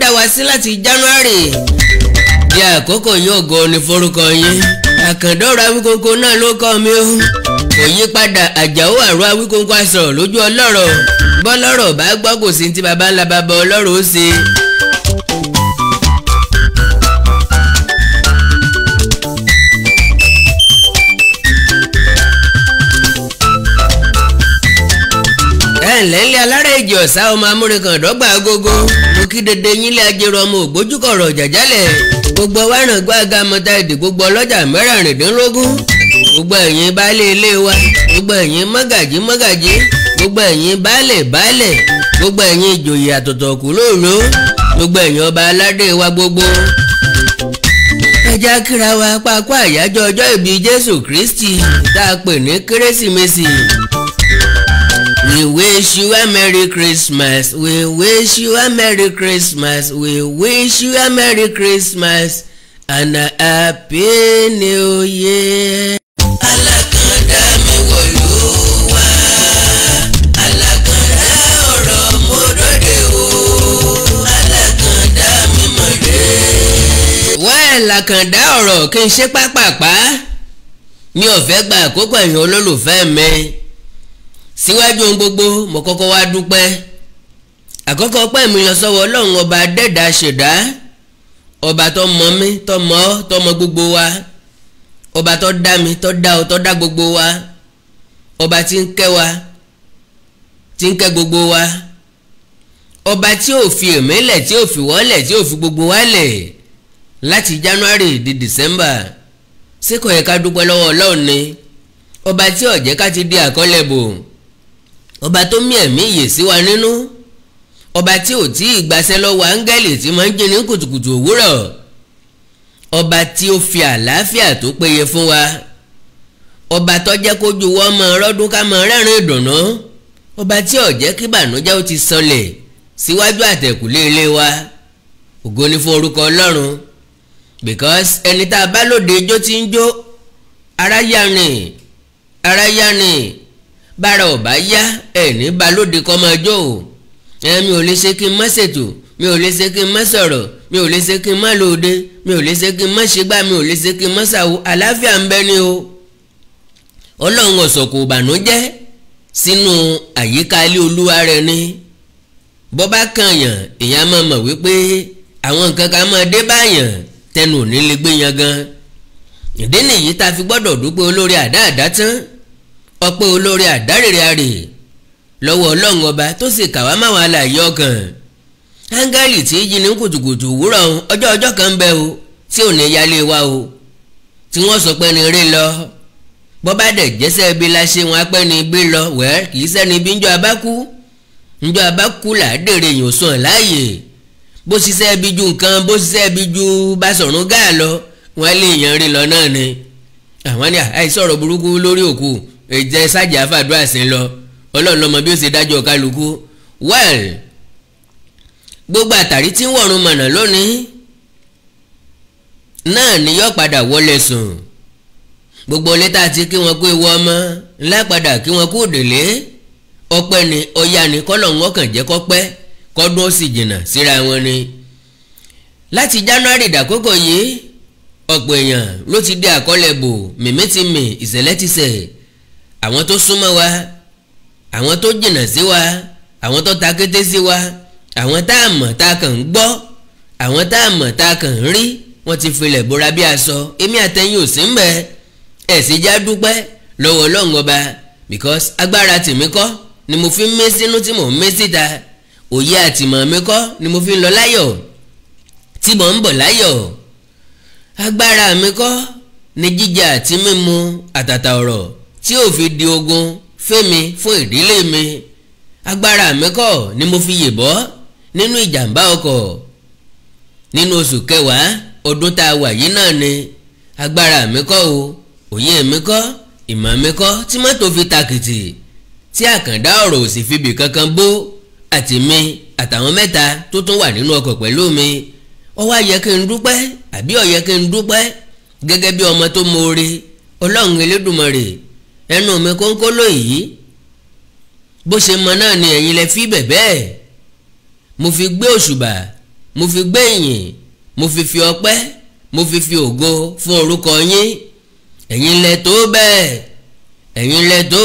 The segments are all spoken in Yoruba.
dá wa sí láti January bí àkókò yín ògo ni forúkọ yín àkàndọ́rọ̀ awíkóńkó náà ló kọ́ mi ó kò yí padà àjàó àrò awíkóńkó aṣọ lójú ọlọ́rọ̀ bọ́lọ́rọ̀ bá gbọ́ kò sí ti baba ńlá baba ọlọ́rọ̀ ó ṣe ẹ̀jẹ̀ ọ̀sá ọmọ amúrekan dọ́gba agogo mo kí dédé yín lé ajérò ọmọ ògbójúkọ̀rọ̀ jàjálẹ̀ gbogbo wárán gbága mọ́ta èdè gbogbo ọlọ́jà mẹ́rẹ̀ẹ̀rìndínlógún gbogbo ẹ̀yin baálé ilé wa gbogbo ẹ̀yin mọ́gàjí mọ́gàjí gbogbo ẹ̀yin baálé baálé gbogbo ẹ̀yin ìjòyè àtọ̀tọ̀ kù lóòló gbogbo ẹ̀yin ọba aládé wa gbogbo ẹja kíra wa pápá àyájọ́ ọjọ́ ìbí Jésù Kristi tá a pè ní kérésìmesì We wish you a Merry Christmas. We wish you a Merry Christmas. We wish you a Merry Christmas and a Happy New Year. alákàndá mi wọ̀lú wá alákàndá ọ̀rọ̀ mo dọ́dẹ mi mọ̀ dé. wẹ́ẹ̀ làkàndá ọ̀rọ̀ kí n ṣe pápápá mi ò fẹ́ gba àkókò ẹ̀yin olólùfẹ́ mi síwájú ohun gbogbo mo kọ́kọ́ wá dúpẹ́ àkọ́kọ́ pẹ́ mi lọ sọ́wọ́ ọlọ́run ọba dẹ́dà ṣẹ̀dá ọba tó mọ mi tó mọ ọ́ tó mọ gbogbo wa ọba tó dá mi tó dá ọ tó dá gbogbo wa ọba tí ń kẹ́ wa tí ń kẹ́ gbogbo wa ọba tí ò fi èmi lẹ̀ tí ò fi wọ́lẹ̀ tí ò fi gbogbo wa lẹ̀ láti January di December ṣé kò yẹ ká dúpẹ́ lọ́wọ́ ọlọ́run ni ọba tí ó ká ti di àkọlẹ̀ bò ọba tó mí ẹ̀mí ìyè sí wa nínú ọba tí ò tí ì gbaṣẹ́ lọ́wọ́ áńgẹ́lì tí máa ń jí ní kùtùkùtù òwúrọ̀ ọba tí ó fi àlàáfíà tó péye fún wa ọba tó jẹ́ kójú wọ́n mọ ọlọ́dún ká mọ rẹ́rìn ìdùnnú ọba tí ò kí bànújẹ́ ó ti sọlẹ̀ síwájú àtẹ̀kùlé ilé wa ògo ni fún orúkọ ọlọ́run because ẹni tá a bá lóde ijó tí ń jó ara ni ara ni bára ò bá yá ẹ̀ní balóde kọ́ máa jó o ẹ mi ò lè ṣe kí n má ṣètò mi ò lè ṣe kí n má sọ̀rọ̀ mi ò lè ṣe kí n má lòde mi ò lè ṣe kí n má ṣe gbá mi ò lè ṣe kí n má ṣàwò àlàáfíà ń bẹ ni o ọlọ́run ọ̀sọ̀ kò bànújẹ́ sínú àyíká ilé olúwa rẹ̀ ni bọ́ bá kànyàn èèyàn máa mọ̀ wípé àwọn nǹkan kan máa dé báyàn tẹnu ò ní lè gbé yan gan ìdí nìyí tá fi gbọ́dọ̀ dúpẹ́ olórí àdáàdá tán ọpẹ́ olórí àdárèrè àrè lọ́wọ́ ọlọ́run ọba tó sì kàwá máwọn alààyè ọkàn áńgáàlì tí yìí ní kùtùkùtù òwúrọ̀ ọjọ́ ọjọ́ kan ń bẹ o tí ò ní yálé wa o tí wọ́n sọ pé ní rí lọ bọ́bá jese dẹ̀ jẹ́sẹ́ bí la wọn apẹ́ ní bí lọ wẹ́ kì í sẹ́ni bí njọ́ abákú njọ́ abákú là á dèrè èèyàn sàn láàyè bó ṣiṣẹ́ bí ju nǹkan bó ṣiṣẹ́ bí ju lọ wọ́n lè yàn rí lọ náà ni àwọn ìjẹ́ sájà fàdúrà sí lọ ọlọ́run lọ́mọ bí ó ṣe dájọ́ kálukú well gbogbo àtàrí tí ń wọ̀run mọ̀nà lónìí náà ni yóò padà wọlé sùn gbogbo létà tí kí wọn kó ewu ọmọ ńlá kí wọn kó òdèlé ọpẹ́ ni ọya ni kọ́lọ̀ wọn kàn jẹ́ kọ́pẹ́ kọ́dún ó sì jìnnà síra wọn ni láti january dàkókò yìí ọ̀pọ̀ èèyàn ló ti dé àkọlẹ̀ bò mìmí ti mì ìṣẹ̀lẹ̀ ti ṣẹ̀ àwọn tó súnmọ́ wa àwọn tó jìnnà sí wa àwọn tó ta kété sí wa àwọn tá a mọ̀ tá a kàn ń gbọ́ àwọn tá a mọ̀ tá a kàn ń rí wọ́n ti filẹ̀ bora bí aṣọ èmi àtẹ̀yìn ò sí ń ẹ̀ sì já dúpẹ́ lọ́wọ́ ọlọ́run ọba because agbára tèmi kọ́ ni mo fi ń mé sínú tí mò ń mé síta òye àtìmọ̀ mi kọ́ ni mo fi ń lọ láyọ̀ tí mò ń bọ̀ láyọ̀ agbára mi kọ́ ni jíjà àti mímu àtàtà ọ̀rọ̀ tí ò fi di ogun fẹ́mi fún ìdílé mi agbára mi kọ́ ni mo fi yìnbọn nínú ìjàmbá ọkọ̀ nínú oṣù kẹwàá ọdún tá a wà yìí náà ni agbára mi kọ́ o òye mi kọ́ ìmọ̀ mi kọ́ tí mọ́tò fi takìtì tí àkàndá ọ̀rọ̀ ò sì fi bì kankan bó àti mi àtàwọn mẹ́ta tó tún wà nínú ọkọ̀ pẹ̀lú mi ó wá kí n dúpẹ́ àbí ó kí n dúpẹ́ gẹ́gẹ́ bí ọmọ tó moore ọlọ́run elédùmarè ẹnu mi kónkóló yìí bó ṣe mọ náà ni ẹ̀yin lẹ fi bẹ̀bẹ́ mo fi gbé òṣùbà mo fi gbé ìyìn mo fi fi ọpẹ́ mo fi fi ògo fún orúkọ yín ẹ̀yin lẹ tó bẹ́ẹ̀ ẹ̀yin lẹ tó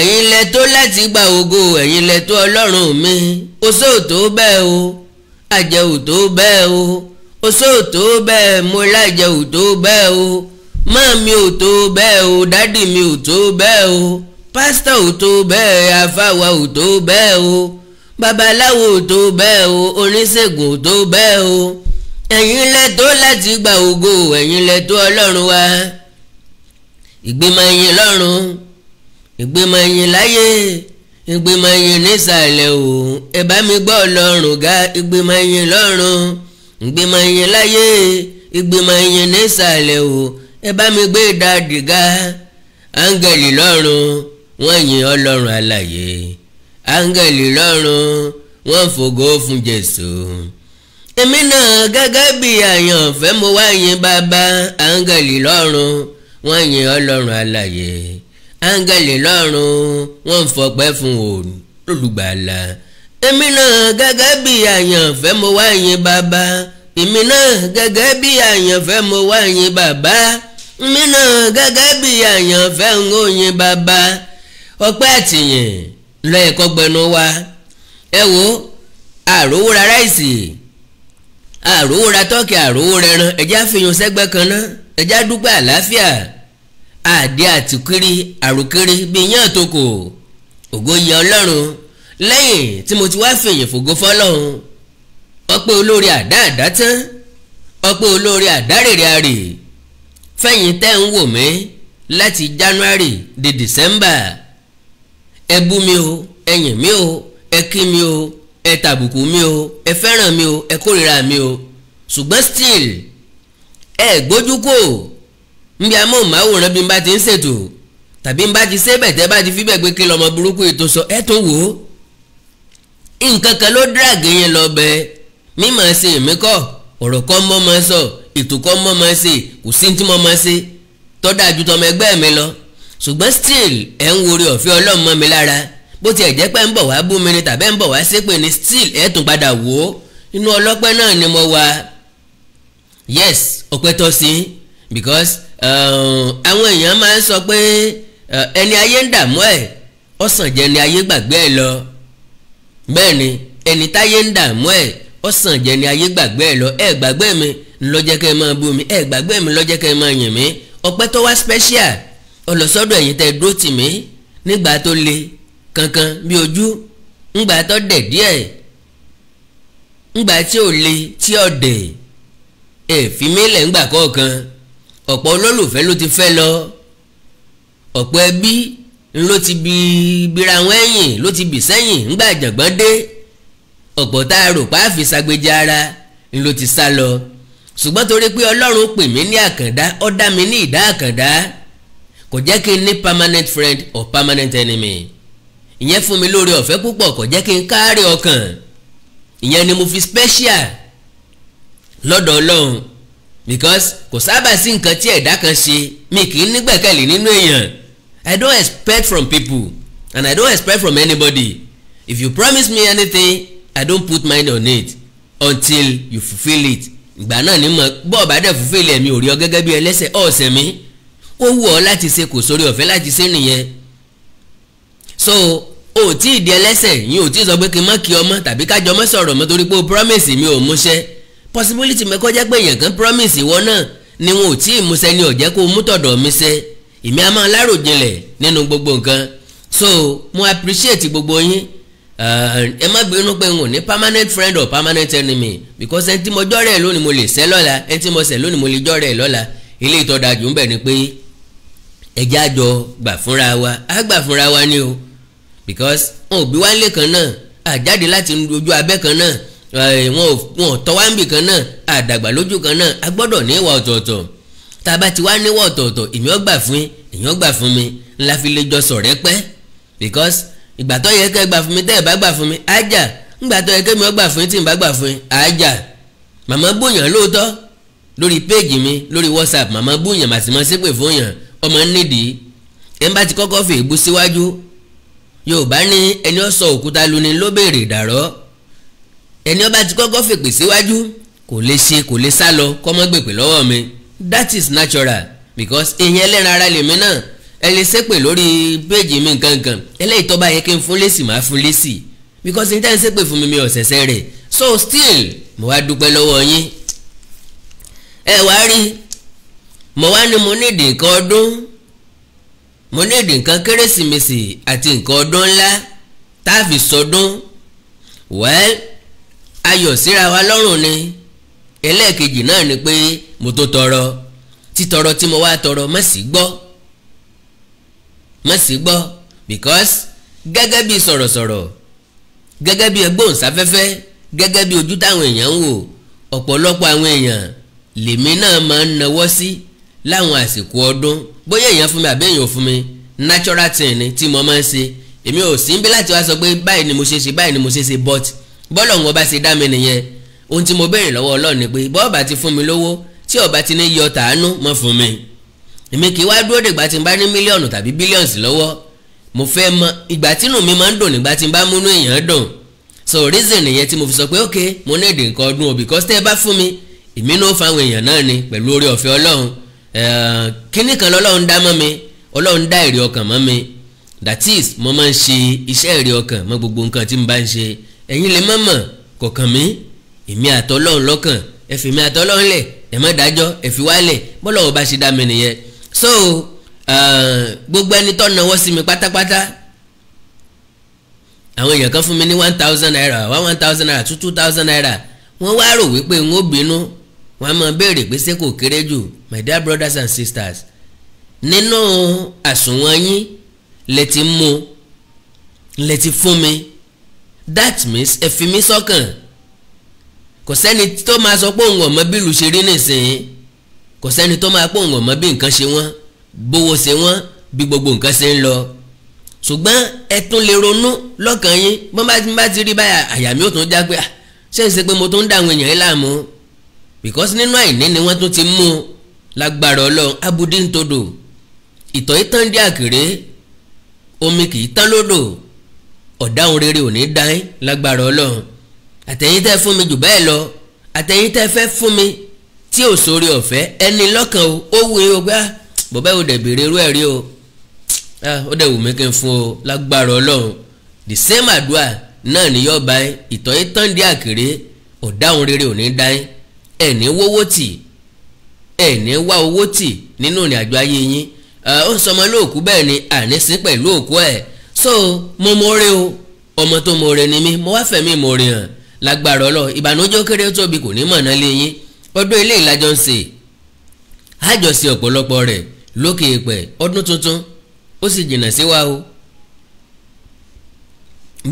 ẹ̀yin lẹ tó láti gba ògo ẹ̀yin lẹ tó ọlọ́run mi oṣó tó bẹ́ẹ̀ o àjẹwò tó bẹ́ẹ̀ o oṣó tó bẹ́ẹ̀ mo lájẹwò tó bẹ́ẹ̀ o mọ́ mi ò tó bẹ́ẹ̀ o dádì mi ò tó bẹ́ẹ̀ o pásítọ̀ ò tó bẹ́ẹ̀ afáwa ò tó bẹ́ẹ̀ o babaláwo ò tó bẹ́ẹ̀ o oníṣègùn ò tó bẹ́ẹ̀ o ẹ̀yin lẹ tó láti gba ògo ẹ̀yin lẹ tó ọlọ́run wa ìgbìmọ̀ yín lọ́run ìgbìmọ̀ yín láyé ìgbìmọ̀ yín nísàlẹ̀ o ẹ bá mi gbọ́ ọlọ́run ga ìgbìmọ̀ yín lọ́run ìgbìmọ̀ yín láyé ìgbìmọ̀ yín nísàlẹ̀ o ẹ bá mi gbé dàdìgá áńgẹ̀lì lọ́run wọ́n yin ọlọ́run alàyè áńgẹ̀lì lọ́run wọ́n fògo fún jésù èmi náà gẹ́gẹ́ bí àyànfẹ́ mo wá yin bàbá áńgẹ̀lì lọ́run wọ́n yin ọlọ́run alàyè áńgẹ̀lì lọ́run wọ́n fọpẹ́ fún olùgbàlà èmi náà gẹ́gẹ́ bí àyànfẹ́ mo wá yin bàbá èmi náà gẹ́gẹ́ bí àyànfẹ́ mo wá yin bàbá mínà gẹ́gẹ́ bí àyànfẹ́ ngóyin bàbá ọpẹ́ àtìyìn lọ ẹ̀kọ́ gbẹnu wa ẹ wo àròwó ra ráìsì àròwó ra tọ́kì àròwó rẹran ẹ̀já fihàn sẹ́gbẹ́ kan ná ẹ̀já dúpẹ́ àlàáfíà àdé àtìkiri àròkiri bí iyán àtòkò ògo yẹ ọlọ́run lẹ́yìn tí mo ti wá fìyìn fògo fọlọ́run ọpẹ́ olórí àdá àdá tán ọpẹ́ olórí àdá rèrè àrè fẹ̀yìn tẹ́ ń wò mí láti January di December ẹ bú mi o ẹ yìn mi o ẹ kí mi o ẹ tàbùkù mi o ẹ fẹ́ràn mi o ẹ kórìíra mi o ṣùgbọ́n still ẹ gbójú kò nbí amóhùnmáwòrán bí n bá ti ń ṣètò tàbí n bá ti ṣe bẹ̀tẹ́ bá ti fi bẹ̀ pé kí lọ́mọ burúkú ètò sọ ẹ tó wò ó nǹkan ló drag yẹn lọ bẹ mímọ̀ ṣe èmi kọ́ ọ̀rọ̀ kan mọ́ mọ́ sọ ètò kan mọ́ máa ṣe kò sí ní tí mo máa ṣe tọ́da ju tọmọ ẹgbẹ́ mi lọ ṣùgbọ́n still ẹ̀ ń wọrí ọ̀fẹ́ ọlọ́run mọ́ mi lára bó tiẹ̀ jẹ́ pé ń bọ̀ wá bú mi ni tàbí ń bọ̀ wá ṣépè ni still ẹ̀ tún padà wò ó inú ọlọ́pẹ́ náà ni mo wà yes ọpẹ́ tọ́ sí because eh, àwọn èèyàn máa ń sọ pé eh, ẹni ayé ń dààmú ẹ̀ ọ̀sán jẹ́ ẹni ayé gbàgbé ẹ̀ lọ bẹ́ẹ̀ ni ẹni táyé ń dààmú ẹ̀ ọ̀sán jẹ́ ni ayé gbàgbé ẹ̀ lọ ẹ̀ gbàgbé mi ńlọ́jẹ́ kẹ́ ẹ máa bú mi ẹ̀ gbàgbé mi ńlọ́jẹ́ kẹ́ ẹ máa yìn mí ọpẹ́ tó wá special ọlọ́sọ́dọ̀ ẹ̀yìn tẹ́ dúró tì mí nígbà tó le kankan bí ojú ńgbà tó dẹ̀ díẹ̀ ńgbà tí ò le tí ò dẹ̀ èfìmílẹ̀ ńgbà kọ̀ọ̀kan ọ̀pọ̀ olólùfẹ́ ló ti fẹ́ lọ ọ̀pọ̀ ẹbí ló ti bi bíra wọn ẹ̀yìn ló ti bì sẹ́yìn ńgbà àjàgbọ́n dé ọ̀pọ̀ tá a rò pa á fi ṣàgbéjì ara ni ló ti sá lọ ṣùgbọ́n torí pé ọlọ́run pè mí ní àkàndá ó dá mi ní ìdá àkàndá kò jẹ́ kí n ní permanent friend or permanent enemy ìyẹn fún mi lóore ọ̀fẹ́ púpọ̀ kò jẹ́ kí n káàárẹ̀ ọkàn ìyẹn ni mo fi special lọ́dọ̀ ọlọ́run because kò sábà sí nǹkan tí ẹ̀dá kan ṣe mi kì í nígbẹ̀kẹ̀lé nínú èèyàn I don't expect from people and I don't expect from anybody if you promise me anything i don't put mind on it until you fulfil it ìgbà náà ni mo bọ́ọ̀ bá dẹ̀ fulfil ẹ̀mí ò rí ọ gẹ́gẹ́ bí ẹlẹ́sẹ̀ ọ̀sẹ̀ mi ó wù ọ́ láti ṣe kò sórí ọ̀fẹ́ láti ṣe nìyẹn so o ò tí ì di ẹlẹ́sẹ̀ yín ò tí ì sọ pé kí n má kí ọmọ tàbí kájọ ọmọ sọ̀rọ̀ mọ́ torí pé o promise mi ò múṣẹ possibility mẹ́kọ́ jẹ́ pé èèyàn kan promise ìwọ náà ni wọn ò tí ì múṣẹ ni ò jẹ́ kó o mú tọ̀dọ̀ mi ṣe èmi á máa láròjinlẹ̀ nínú gbogbo nǹkan so mo appreciate gbogbo yín Eh, ẹ má gbé inú pé n ò ní permanent friend or permanent enemy because ẹni tí mo jọ́ rẹ̀ lónìí mo lè sẹ́ lọ́la ẹni tí mo sẹ́ lónìí mo lè jọ́ rẹ̀ lọ́la ilé ìtọ́jà jù ń bẹ̀ ni pé ẹjẹ́ àjọ gbà fúnra wa á gbà fúnra wa ni o because wọn ò bí wá nílé kan náà àjáde láti ojú abẹ́ kan náà eh, wọn ò tọ́ wá níbì kan náà àdàgbà lójú kan náà a gbọ́dọ̀ ní ìwà ọ̀tọ̀ọ̀tọ̀ tá a bá ti wá níwà ọ̀tọ̀ọ̀tọ̀ èmi ó gbà fún èèyàn gbà fún mi ńlá fi lè jọ sọ̀rẹ́ pẹ́ because ìgbà tó yẹ kẹ́ gbà fún mi tẹ́ ẹ̀ bá gbà fún mi ájà ńgbà tó yẹ kẹ́ mi ọ́ gbà fún yín tí n bá gbà fún yín ájà màmá bóyàn lóòótọ́ lórí péèjì mi lórí whatsapp màmá bóyàn màsí mọ́ ṣépè fún yàn ọmọ nídìí ẹ̀ ń bá ti kọ́kọ́ fi ègbú síwájú yorùbá ní ẹni ó sọ òkúta luni ló béèrè ìdàrọ́ ẹni ó bá ti kọ́kọ́ fèpè síwájú kò lè ṣe kò lè sá lọ kọ́mọ́gbèpè lọ́wọ́ mi that is natural because ìyẹn ẹlẹ́ran ara lèmi náà ẹ lè ṣépè lórí péjì mi nkankan eléyìí tó bá yẹ kí n fún lésì máa fún lésì because n tẹ́ ń ṣépè fún mi mi ọ̀sẹ̀sẹ̀ rẹ̀ so still mo wá dúpẹ́ lọ́wọ́ yín ẹ wá rí mo wá ní mo ní ìdí nǹkan ọdún mo ní ìdí nǹkan kérésìmesì àti nǹkan ọdún ńlá tá a fi sọdún well ayọ̀ síra wa lọ́rùn ni ẹlẹ́ẹ̀kejì náà ni pé mo tó tọrọ títọrọ tí mo wá tọrọ mọ̀ sí gbọ́ má gbọ́ because gẹ́gẹ́ bí sọ̀rọ̀sọ̀rọ̀ gẹ́gẹ́ bí ẹgbóhùnsáfẹ́fẹ́ gẹ́gẹ́ bí ojú táwọn èèyàn ń wò ọ̀pọ̀lọpọ̀ àwọn èèyàn lèmi náà máa ń nawọ́ sí láwọn àsìkò ọdún bóyá èèyàn fún mi àbí èèyàn fún mi natural thing ni tí mo máa ń ṣe èmi ò sí níbí láti wá sọ pé báyìí ni mo ṣe ṣe báyìí ni mo ṣe ṣe but bọ́ọ̀lù ọ̀hún ọba ṣe dá mi nìyẹn ohun tí mo béèrè lọ́wọ́ Ọlọ́run ni pé bọ́ọ̀bà ti fún mi lówó tí ọba ti ní yọ tàánú mọ́ fún mi èmi kì í wá dúró dìgbà tí n bá ní mílíọ̀nù tàbí bílíọ̀nù sí lọ́wọ́ mo fẹ́ mọ ìgbà tínú mi máa ń dùn nígbà tí n bá múnú èèyàn dùn so reason nìyẹn tí mo fi sọ pé ok mo ní èdè nǹkan ọdún o because tẹ́ ẹ bá fún mi èmi náà fáwọn èèyàn náà ni pẹ̀lú oore ọ̀fẹ́ ọlọ́run eh, kíní kan lọ́lọ́run dá mọ́ mi ọlọ́run dá èrè ọkàn mọ́ mi that is mo máa ń ṣe iṣẹ́ èrè ọkàn mọ́ gbogbo nǹkan tí mo bá ń ṣe ẹ̀yin lè mọ̀ mọ̀ kọ̀ọ̀kan mi èmi àtọ́lọ́run lọ́kàn ẹ̀fìmí àtọ́lọ́run lẹ̀ ẹ̀ mọ́ dájọ́ ẹ̀fìwálẹ̀ bọ́lọ́wọ́ bá ṣe dá mi nìyẹn so uh, gbogbo ẹni tó náwó sí mi pátápátá àwọn èèyàn kan fún mi ní one thousand naira one one thousand naira two two thousand naira wọ́n wá rò wípé n ó bínú wọ́n á máa béèrè pé ṣé kò kéré jù my dear brothers and sisters nínú àsùnwọ̀n yín lè ti mú lè ti fún mi that means ẹ fi mí sọ́kàn kò sẹ́ni tó máa sọ pé òun ọ̀mọ́ bílù ṣe rí nìsín kò sẹ́ni tó máa pòǹgàn mọ́ bí nǹkan ṣe wọ́n bówó ṣe wọ́n bí gbogbo nǹkan ṣe ń lọ ṣùgbọ́n ẹ tún lè ronú lọ́kàn yín bọ́n bá ti bá ti rí báyà àyà mi ò tún já pé ah, ṣé ń ṣe pé mo tún ń dá àwọn èèyàn yín láàmú because nínú àìní ni wọ́n tún ti mú un lágbára ọlọ́run abudí ń todò ìtọ̀ ìtàn dí àkèré omi kì í tán lódò ọ̀dáhùn rere ò ní dáín lágbára ọlọ́run àtẹ̀yìn tẹ́ fún mi jù bẹ́ẹ̀ lọ àtẹ̀yìn tẹ́ fẹ́ fún mi tí ò sórí ọ̀fẹ́ ẹni lọ́kàn o ó wù ú gbá bọ̀bá ò dẹ̀ béèrè irú ẹ̀ rí o ah, ó dẹ̀ wù mí kí n fún o lágbára ọlọ́run the same adua náà ni yọ̀ọ́ báyìí ìtọ́ yìí tán dé àkèrè ọ̀dáhùn rere ò ní dáyìn ẹ̀ní wówó tì ẹ̀ní wá owó tì nínú ìrìn àjò ayé yín ah, ó ń sọmọ lóòkú bẹ́ẹ̀ ni àníṣí pẹ̀lú òkú ẹ̀ so mo mọ̀ọ́rẹ́ o ọmọ tó mọ̀ọ́rẹ́ ni mí mo wá fẹ̀mí mọ̀ọ́rẹ́ hàn lágbára ọlọ́run ìbànújẹ́ kéré tóbi kò ní mọ̀ọ́ná lé yín ọdún ilé ìlàjọ ń ṣe àjọṣe ọ̀pọ̀lọpọ̀ rẹ̀ lókè èèpẹ̀ ọdún tuntun ó sì jìnnà sí wa o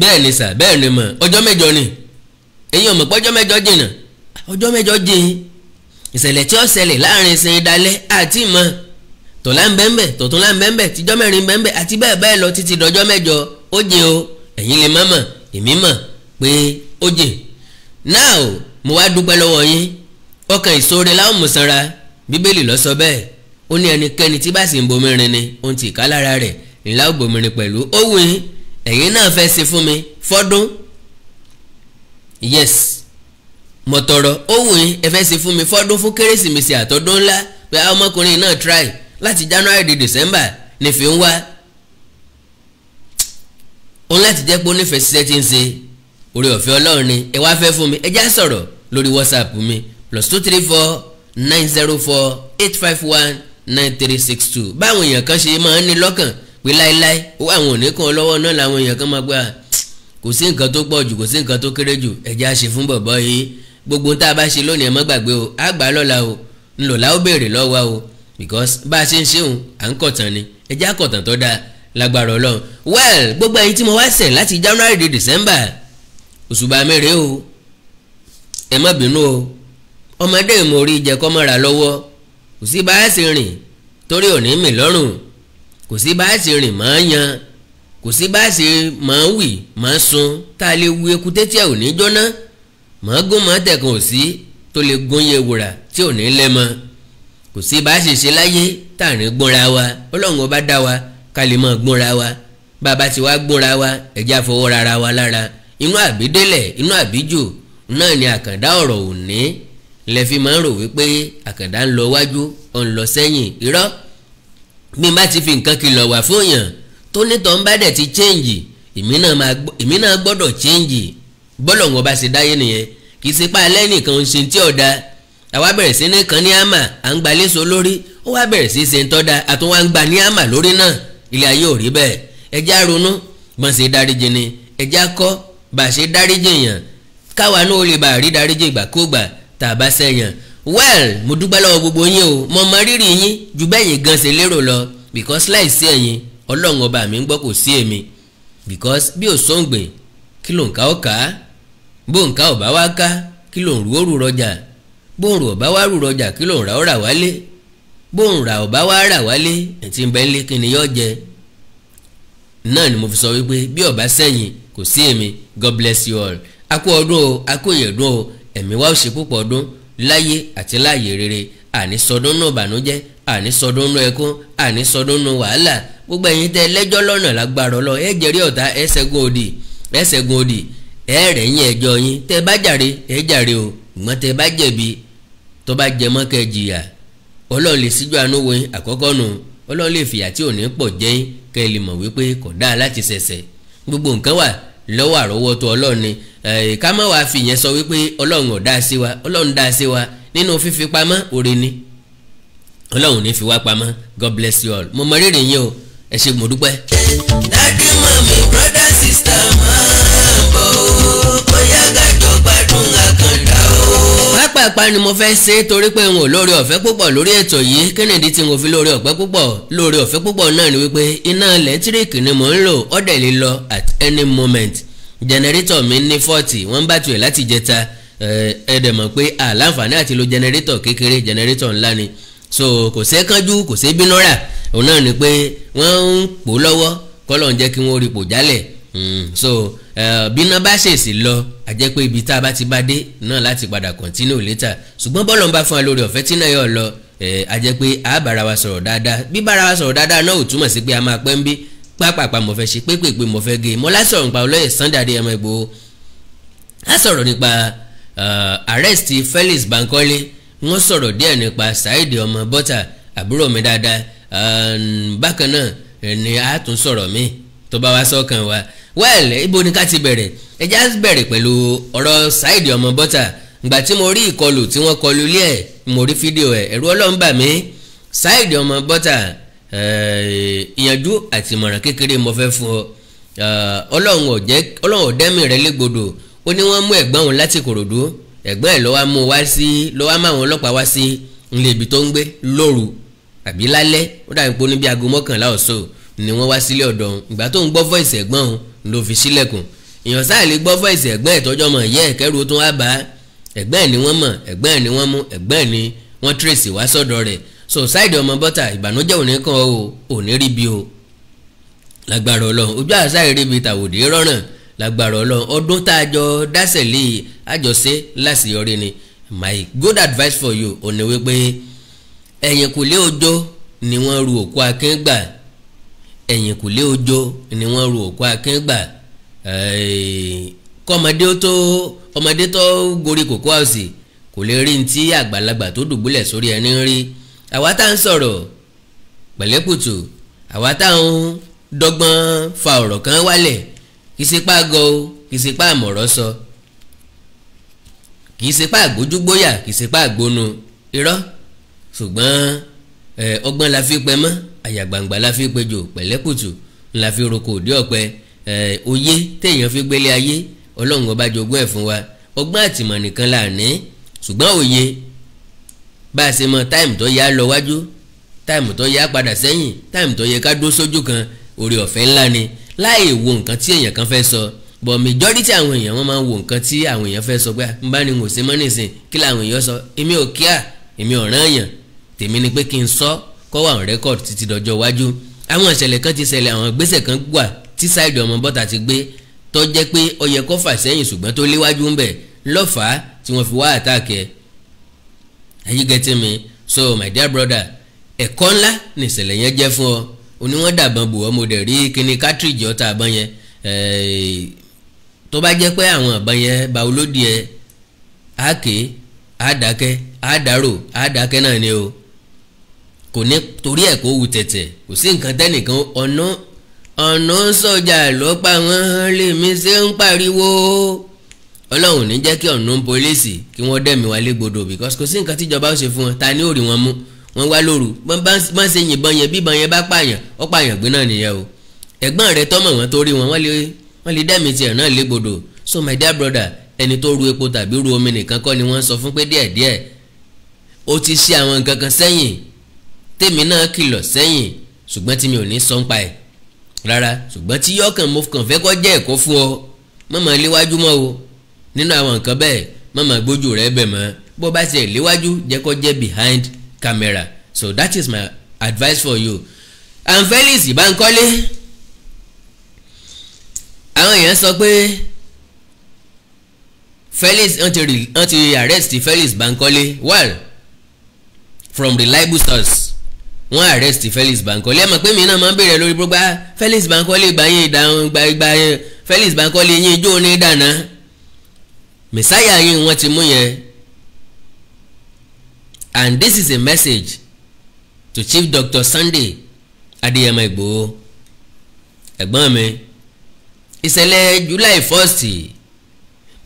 bẹ́ẹ̀ ni sà bẹ́ẹ̀ ni mọ̀ ọjọ́ mẹ́jọ ni èyí ò mọ̀ pé ọjọ́ mẹ́jọ jìnnà ọjọ́ mẹ́jọ jìn ìṣẹ̀lẹ̀ tí ó ṣẹlẹ̀ láàrin ìsìn ìdálẹ́ àti ìmọ̀ tọ̀lá ń bẹ́ńbẹ̀ tọ̀tún lá ń bẹ́ńbẹ̀ tíjọ́ mẹ́rin bẹ́ńbẹ̀ àti bẹ́ẹ̀ bẹ́ẹ̀ lọ títí dọjọ́ mẹ́jọ ó jìn o ẹ̀yin lè má mọ̀ èmi mọ̀ pé ó jìn náà mo wá dúpẹ́ lọ́wọ́ yín ọkàn ìṣoore láwọn mùsànra bíbélì ló sọ bẹ́ẹ̀ ó ní ẹnikẹ́ni tí bá sì ń bomirin ni ohun tí ìká lára rẹ̀ ńlá bomirin pẹ̀lú ó wù yín ẹ̀yin náà fẹ́ ṣe fún mi fọ́dún yes mo tọrọ ó wù yín ẹ fẹ́ ṣe fún mi fọ́dún fún kérésìmesì àtọ́dún ńlá pé ọmọkùnrin náà try láti january de december nífi ń wá òun láti jẹ́ pé ó nífẹ̀ẹ́ ṣiṣẹ́ tí ń ṣe oore ọ̀fẹ́ ọlọ́run ni ẹ wá fẹ́ fún mi ẹ já sọ̀rọ̀ lórí whatsapp mi 0244 plus two three four nine zero four eight five one nine three six two báwọn èèyàn kan ṣe máa ń ní lọ́kàn pé láéláé ó àwọn òní kan lọ́wọ́ náà làwọn èèyàn kan máa gbà ah, kò sí nǹkan tó pọ̀ jù kò sí nǹkan tó kéré jù ẹ̀já ṣe fún bọ̀bọ̀ yìí gbogbo tá a bá ṣe lónìí ẹ má gbàgbé o á gbà á lọ́la o ńlọ̀la ó béèrè lọ́wọ́ o because bá a ṣe ń ṣeun à ń kọ̀tàn ni ẹ̀já kọ̀tàn tó dáa lágbára ọlọ́run well gbogbo ẹ̀yin tí mo wá sẹ̀ láti January dé December òṣùbà mẹ́rin o ẹ má bínú o ọmọdé ìmòrí jẹ kọ́ mọ́ra lọ́wọ́ kò sí bá a sì rìn torí òní mi lọ́rùn kò sí bá a sì rìn mọ́ yan kò sí bá a sì mọ́ wì mọ́ sun tá a lè wu ekute tí a ò ní jóná mọ́ gún mọ́ tẹ̀kan ò sí tó lè gún yẹ wùrà tí ò lẹ́ mọ́ kò sí bá a sì ṣe láyé tá à ní gbọ́nra wa ọlọ́run ọba dá wa ká lè mọ́ gbọ́nra wa bàbá tí wàá gbọ́nra wa ẹ̀já fọwọ́ rara wa lára inú àbídélẹ̀ inú àbíjù náà ni àkàndá ọ̀rọ̀ òní lẹ́fi máa ń rò wípé àkàndá ń lọ wájú ọ̀ ń lọ sẹ́yìn irọ́ bí n bá ti fi nǹkan kìlọ̀ wà fún yàn tó nítọ̀ ń bá dẹ̀ ti chẹ́ǹgì èmi náà gbọ́dọ̀ chẹ́ǹgì bọ́lọ̀ wọn bá ṣe dáyé nìyẹn kì í ṣe pa alẹ́ nìkan ṣe tí ọ̀dà àwa bẹ̀rẹ̀ sí ní kan ní àmà à ń gba léṣo lórí ó wá bẹ̀rẹ̀ sí ṣe ń tọ́da àtúnwá ń gba ní àmà lórí náà ilé ayé ò rí bẹ́ẹ̀ ẹjá ronú bọ́n ṣe dáríjì ni ẹjá kọ́ bá ṣe dáríjì yàn káwa náà ó lè bá rí dáríjì ìgbàkúgbà tàbá sẹ́yàn well mo dúpẹ́ lọ́wọ́ gbogbo yín o mo mọ rírì yín ju bẹ́yìn gan ṣe lérò lọ because láìsí ẹ̀yin ọlọ́run ọba mi ń gbọ́ kò sí èmi because bí ò sóǹgbè kí ló ń ká ó ká bó ń ká ọ̀bá wá ká kí ló ń rú òrù rọjà bó ń rù ọ̀bá wá rù rọjà kí ló ń ra ó rà wálé bó ń ra ọ̀bá wá rà wálé ẹ̀tí ń bẹ ń lé kí ni yóò jẹ náà ni mo fi sọ wípé bí ọ̀bá sẹ́yìn kò sí èmi God bless you all a kú ọdún o a kú ìyẹ̀dún o ẹ̀mí wa ò ṣe púpọ̀ ọdún láyé àti láàyè rere àní sọdún nù bànújẹ́ àní sọdún nù ẹkún àní sọdún nù wàhálà gbogbo ẹ̀yin tẹ́ lẹ́jọ́ lọ́nà lágbára ọlọ ẹ jẹ́rí ọ̀tá ẹ ṣẹ́gun òdì ẹ ṣẹ́gun òdì ẹ rẹ̀ yín ẹjọ́ yín tẹ́ bá jàre ẹ jàre o ìgbọ́n tẹ́ bá jẹ̀bi tó bá jẹ mọ́ jìyà ọlọ́run lè síjú àánú wo yín àkọ́kọ́ nù ọlọ́run lè fìyà tí ò ní pọ̀ jẹ́yìn kẹ́ ẹ lè mọ̀ wípé kò dáa láti ṣẹ̀ṣẹ̀ gbogbo nǹkan wà lọ́wọ́ àrọ́wọ́tó ọlọ́run ni ká má wàá fi yẹn sọ wípé ọlọ́run ò dáa sí wa ọlọ́run dáa sí wa nínú fífi pamọ́ òre ni ọlọ́run ní fi wá pamọ́ God bless you all mo mọ rírì yín o ẹ ṣé mo dúpẹ́. dájú ìparí ni mo fẹ́ ṣe torí pé n ò lórí ọ̀fẹ́ púpọ̀ lórí ètò yìí kí nìdí tí mo fi lórí ọ̀fẹ́ púpọ̀ lórí ọ̀fẹ́ púpọ̀ náà ni wípé iná ẹlẹ́tíríkì ni mò ń lò ọ̀dẹ̀ lè at any moment jẹnẹrétọ̀ mi ní forty wọ́n bá tiẹ̀ láti jẹta ẹ̀ẹ́dẹ̀ mọ̀ pé àlàǹfààní àti lo jẹnẹrétọ̀ kékeré jẹnẹrétọ̀ ńlá ni so kò ṣe kánjú kò ṣe bínú rà òun náà ni pé wọ́n ń pò lọ́wọ́ kọ́lọ́ ń jẹ́ kí wọ́n rí pò jálẹ̀ hmm, so bí iná bá ṣèṣì lọ àjẹ́ pé ibi tá a bá ti bá dé náà láti padà continue later ṣùgbọ́n bọ́ọ̀lù ń bá fún wa lórí ọ̀fẹ́ tí náà yọ̀ lọ àjẹ́ pé a bára wa sọ̀rọ̀ dáadáa bí bára wa sọ̀rọ̀ dáadáa náà ò túmọ̀ sí pé a máa pẹ́ ń bí pápápá mo fẹ́ ṣe pépèpé mo fẹ́ gé e. mo lásọ̀rọ̀ nípa olóyè Sunday Adéyẹmọ Ìgbòho a sọ̀rọ̀ nípa arrest Felix Bankole wọ́n sọ̀rọ̀ díẹ̀ nípa Saheed ọmọ bọ́tà àbúrò mi dáadáa bákan náà ni a tún sọ̀rọ̀ mi tó bá wá sọ́kàn wa well ibo ni ká ti bẹ̀rẹ̀ ẹja bẹ̀rẹ̀ pẹ̀lú ọ̀rọ̀ Saheed ọmọ bọ́tà ìgbà tí mo rí ìkọlù tí wọ́n kọlù ilé ẹ̀ mo rí fídíò ẹ̀ ẹ̀rù ọlọ́run bà mí Saheed ọmọ bọ́tà eh, ìyànjú àti ìmọ̀ràn kékeré mo fẹ́ fún ọ eh, ọlọ́run ọ̀dẹ́mì rẹ légbodò ó ní wọ́n mú ẹ̀gbọ́n òun láti Ìkòròdú ẹ̀gbọ́n ẹ̀ lọ́wọ́ mú wá sí lọ́wọ́ máwọn ọlọ́pàá wá sí ilé tó ń gbé lóru àbí lálẹ́ ó dàbí pé ó ní bí aago mọ́kànlá ọ̀sán ni wọ́n wá sílé ọ̀dọ̀ ìgbà tó ń gbọ́ voice ẹ̀gbọ́n òun ló fi sílẹ̀kùn èèyàn sáà lè gbọ́ fọ́ìsì ẹ̀gbọ́n ẹ̀ tọ́jọ́ mọ̀ yẹ́ ẹ̀kẹ́rù tó wá bá ẹ̀gbọ́n ẹ̀ ni wọ́n mọ̀ ẹ̀gbọ́n ẹ̀ ni wọ́n mú ẹ̀gbọ́n ẹ̀ ni wọ́n tírèsì wá sọ́dọ̀ rẹ̀ so ṣáìdì ọmọ bọ́tà ìbànújẹ́ òní kan o òní rí bi o lágbára ọlọ́run ojú àṣà ìrìbi tàwòdì rọ́ràn lágbára ọlọ́run ọdún tá a jọ dásẹ̀ lé àjọṣe láṣeyọrí ni my good advice for you òní wípé ẹ̀yìnkùlé ọjọ́ ni wọ́n ru òkú akíngbà ẹ̀yìn kò lé ojo ni wọ́n ru òkú akíngbà kọ́mọdé tó ọmọdé tó gorí kòkó àwòsì kò lè rí ní ti àgbàlagbà tó dùbúlẹ̀ sórí ẹni rí àwa tá ń sọ̀rọ̀ pẹ̀lẹ́kùtù àwa tá ń dọ́gbọ́n fa ọ̀rọ̀ kan wálẹ̀ kì í ṣe pa gọ o kì í ṣe pa àmọ̀rọ̀ sọ kì í ṣe pa àgbójúgbóyà kì í ṣe pa àgbónu irọ́ ṣùgbọ́n ọgbọ́n la fi pẹ́ mọ́ àyàgbàǹgbà la fi péjọ pẹ̀lẹ́kùtù la fi roko òdì ọ̀pẹ òye téèyàn fi gbélé ayé ọlọ́run ọba jogún ẹ̀ fún wa ọgbọ́n àtìmọ̀ nìkan là ní ṣùgbọ́n òye bá a ṣe mọ táìmù tó yá lọ wájú táìmù tó yá padà sẹ́yìn táìmù tó yẹ ká dó sójú kan oore ọ̀fẹ́ ńlá ni láì wo nǹkan tí èèyàn kan fẹ́ sọ but majority àwọn èèyàn wọ́n máa ń wo nǹkan tí àwọn èèyàn fẹ́ sọ pé n bá ní n ò ṣe mọ́ kí làwọn èèyàn sọ èmi ò kíá èmi ò rán èèyàn tèmi ni pé kí n sọ so, kó wà on record títí dọjọ́ iwájú àwọn ìṣẹ̀lẹ̀ kan ti ṣẹlẹ̀ àwọn ìgbésẹ̀ kan gbà tí Saheed Ọmọbọ́ta ti gbé tó jẹ́ pé ó yẹ fà sẹ́yìn ṣùgbọ́n tó léwájú ń bẹ̀ lọ́fàá tí wọ́n fi wá àtàkẹ́ are you getting me so my dear brother ẹ̀kọ́ ńlá ni ìṣẹ̀lẹ̀ yẹn jẹ́ fún ọ òní wọ́n dàbọn bò ọ́ mo dẹ̀ rí kíní cartridge ọ̀tá àbọ̀n yẹn tó bá jẹ́ pé àwọn àbọ̀n yẹn bá olódìẹ àáké àádákẹ́ àádárò àádákẹ́ náà ni o kò ní torí ẹ̀ kó wu tẹ̀tẹ̀ kò sí nǹkan tẹ́nìkan ọ̀nà ọ̀nà sọ̀jà lọ́pà wọn hàn lèmi ṣe ń pariwo ọlọ́run ní jẹ́ kí ọ̀nà pólísì kí wọ́n dẹ̀mí wa légbodò because kò sí nǹkan tíjọba ó ṣe fún wọn ta ni ó rí wọn mú wọn wá lóru wọn bá ń ṣe yìnbọn yẹn bí ìbọn yẹn bá pààyàn ó pààyàn gbé náà nìyẹn o ẹ̀gbọ́n rẹ tọ́mọ̀ wọn tó wọn wọ́n lè dẹ̀mí tiẹ̀ náà légbodò so my dear brother ẹni tó ru epo tàbí ru omi nìkan kọ́ ni wọ́n sọ fún pé díẹ̀díẹ̀ ó ti ṣe àwọn nǹkan kan sẹ́yìn tèmi náà kìlọ̀ sẹ́yìn ṣùgbọ́n tí mi ò ní sọ ń pa ẹ̀ rárá ṣùgbọ́n tí yọkàn mo kàn fẹ́ kọ́ jẹ́ ẹ̀kọ́ fún ọ mọ̀mọ́ léwájú mọ́ o nínú àwọn nǹkan bẹ́ẹ̀ mọ̀mọ́ gbójú rẹ̀ bẹ̀ mọ́ bó bá ṣe léwájú jẹ́ kọ́ jẹ́ behind camera so that is my advice for you and Felix Bankole àwọn èèyàn sọ pé Felix wọ́n ti arrest Felix Bankole well from reliable source wọ́n arrest Felix Bankole ẹ mọ̀ pé mi náà máa ń béèrè lórí gbogbo ah, Felix Bankole gba yín ìdáhùn gba igba yín Felix Bankole yín ijó ní ìdáná mẹsáyà yín wọ́n ti mú yẹn and this is a message to Chief Doctor Sunday Adéyẹmọ Ìgbòho ẹ̀gbọ́n mi ìṣẹ̀lẹ̀ July 1st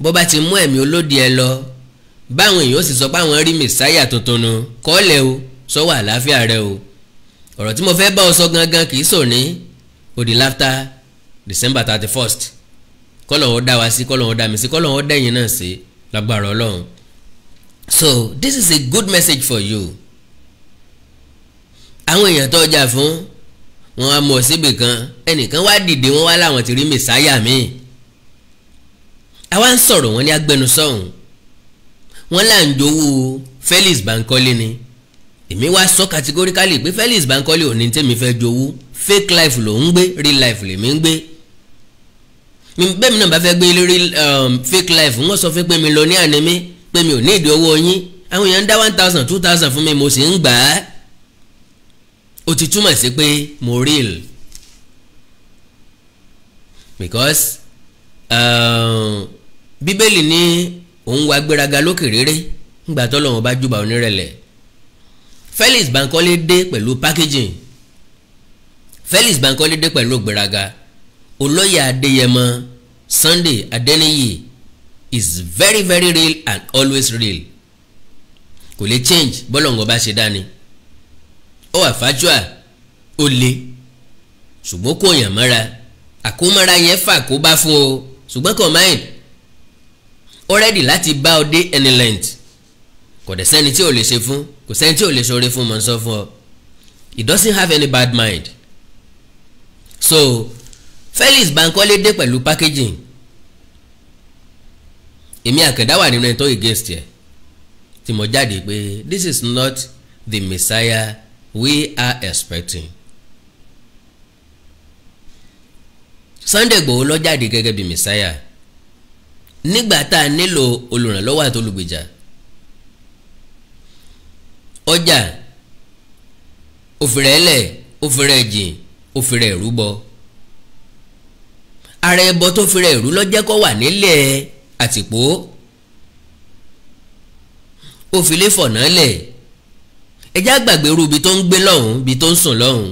bó bá ti mú ẹ̀mí olódi ẹ lọ báwọn èèyàn sì sọ pé àwọn rí mẹsáyà tuntun nu kọ́lẹ̀ o sọ wà àlàáfíà rẹ o ọ̀rọ̀ tí mo fẹ́ bá ọ sọ gangan kì í sọ ní òdì láftà December thirty first kọ́lọ̀ wọn dá wa sí kọ́lọ̀ wọn dá mi sí kọ́lọ̀ wọn náà sí lágbára ọlọ́run so this is a good message for you àwọn èèyàn tó ọjà fún wọn á mọ̀ síbì kan ẹnìkan wá dìde wọn wá láwọn ti rí mẹsáyà míì àwa ń sọ̀rọ̀ wọn ní agbẹnusọ̀hún wọn là ń jowó Felix Bankole ni èmi wá sọ kàtígóríkálì pé Felix Bankole ò ní tèmi fẹ́ jowú fake life ló ń gbé real life lèmi ń gbé bẹ́ẹ̀ mi náà bá fẹ́ gbé um, fake life wọ́n sọ fún pé mi lọ ní ànímí pé mi ò ní ìdí owó yín àwọn èèyàn ń dá one thousand two thousand fún mi mo sì ń gbà á ó ti túmọ̀ sí pé mo real because um, bíbélì ní òun wá gbéraga lókè réré ńgbà tọ́lọ́run bá júbà onírẹ̀lẹ̀ Felix Bankole dé pẹ̀lú packaging Felix Bankole dé pẹ̀lú ìgbéraga olóyè Adéyẹmọ Sunday Adeniyi is very very real and always real kò lè change bọ́lọ̀ngàn bá ṣe dání ó wà fájúà ó le ṣùgbọ́n kò yàn mọ́ra àkómọ́ra yẹn fà kó bá fún o ṣùgbọ́n kò mind ó rẹ́dì láti bá ọ dé any length kò dẹ̀ sẹ́ni tí ò lè ṣe fún kò sẹ́ni tí ò lè ṣoore fún mọ̀ sọ fún ọ he doesn't have any bad mind so Felix Bankole dé pẹ̀lú packaging èmi àkàndá wà nínú ẹni against ẹ tí mo jáde pé this is not the Messiah we are expecting Sunday Igboho ló jáde gẹ́gẹ́ bí Messiah nígbà tá a nílò olùrànlọ́wọ́ àti olùgbèjà ọjà òfìrẹ́ lẹ̀ òfìrẹ́ jìn òfìrẹ́ rúbọ ara ẹbọ tó fìrẹ́ rú lọ́jẹ́ kọ́ wà nílẹ̀ àtìpó òfìlé fọ̀nà lẹ̀ ẹjẹ́ àgbàgbé irú ibi tó ń gbé lọ́hùn ibi tó ń sùn lọ́hùn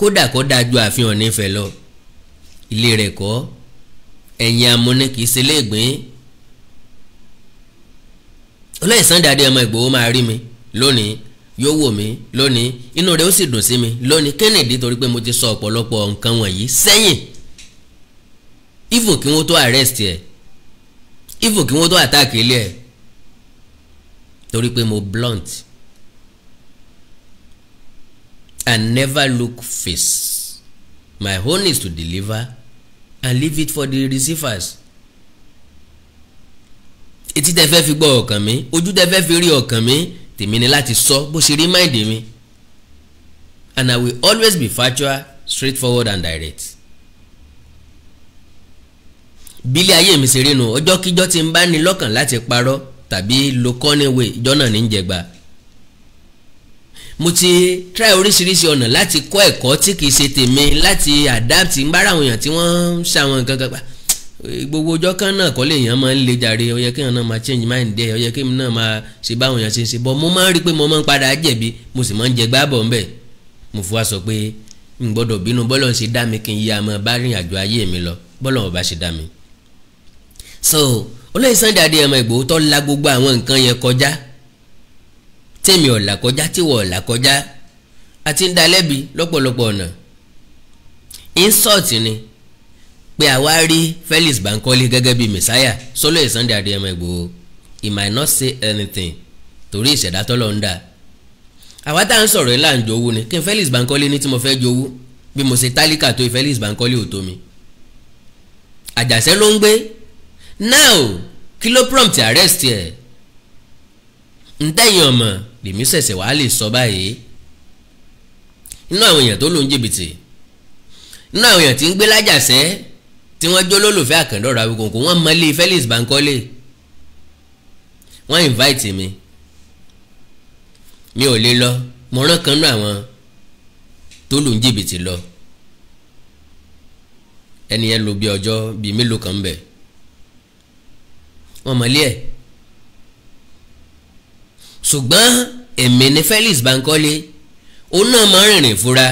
kódà kó dáa ju àfihàn nífẹ̀ẹ́ lọ ilé rẹ̀ kọ́ ẹ̀yìn amúni kì ṣe léègbín ọlọ́ìsàn dàdé ọmọ Ìgbòho máa rí mi lónìí yóò wò mí lónìí inú rẹ̀ ó sì dùn sí mi lónìí kennedy torí pé mo ti sọ ọ̀pọ̀lọpọ̀ nǹkan wọ̀nyí sẹ́yìn even kí wọ́n tó arrest ẹ̀ even kí wọ́n tó attack ilé ẹ̀ torí pé mo blunt and never look face my own is to deliver and leave it for the receivers. etí tẹ fẹ́ fi gbọ́ ọkàn mi ojú tẹ fẹ́ fi rí ọkàn mi tèmi ni láti sọ bó ṣe remind mi and I will always be factual straightforward and direct. bílẹ̀ ayé mi ṣe rí nu ọjọ́kíjọ́ tí n bá ní lọ́kàn láti parọ́ tàbí lo kọ́niwe ìjọ náà ní jẹgba. mo ti try oríṣiríṣi ọ̀nà láti kọ́ ẹ̀kọ́ tí kìí ṣe tèmi láti adapt ń bára àwọn èèyàn tí wọ́n ń ṣàwọn nǹkan kan pa gbogbo ọjọ́ kan náà kọ́lé èèyàn máa ń le jàre ó yẹ kí èèyàn náà máa change mind dẹ ó yẹ kí èmi náà máa ṣe báwọn èèyàn ṣe ń ṣe bọ́ mo máa ń rí i pé mo máa ń padà jẹ̀bi mo sì máa ń jẹ gbábọ̀ ńbẹ̀ mo fi wá sọ pé n gbọ́dọ̀ bínú bọ́lọ̀ ṣe dá mi kí n yí àmọ́ bá rìn àjò ayé mi lọ bọ́lọ̀ ọba ṣe dá mi. so olóyè Sunday Adéyẹmọ Ìgbòho tó la gbogbo àwọn nǹkan yẹn kọjá tèmi ò là kọjá tíwọ̀ ò là kọjá àti ń dalẹ́bi pé àwa rí Felix Bankole gẹ́gẹ́ bíi messiah sọ́lọ́ Sunday Adéyẹmọ Ìgbòho he might not say anything torí ìṣẹ̀dá tọ́lọ̀ ń dà àwa tá à ń sọ̀rọ̀ yìí là ń ni kí n Felix Bankole ní tí mo fẹ́ jowú bí mo ṣe tálíkà tó Felix Bankole ò tó mi àjàṣẹ́ ló ń gbé now kí ló prompt arrest ẹ̀ ntẹ́yìn ọmọ lèmi ṣẹ̀ṣẹ̀ wàá lè sọ báyìí inú àwọn èèyàn tó lò ń jìbìtì inú àwọn èèyàn tí ń gbé lájàṣẹ́ tí wọ́n jó lólùfẹ́ àkàndọ̀rọ̀ Awikonko wọ́n mọlé Felix Bankole wọ́n invite mi mi ò lè lọ mo rán kan náà àwọn tó lù ń jìbìtì lọ ẹni yẹn lò bí ọjọ́ bíi mélòó kan bẹ̀ wọ́n mọlé ẹ̀ ṣùgbọ́n èmi ni Felix Bankole òun náà máa rìnrìn fúra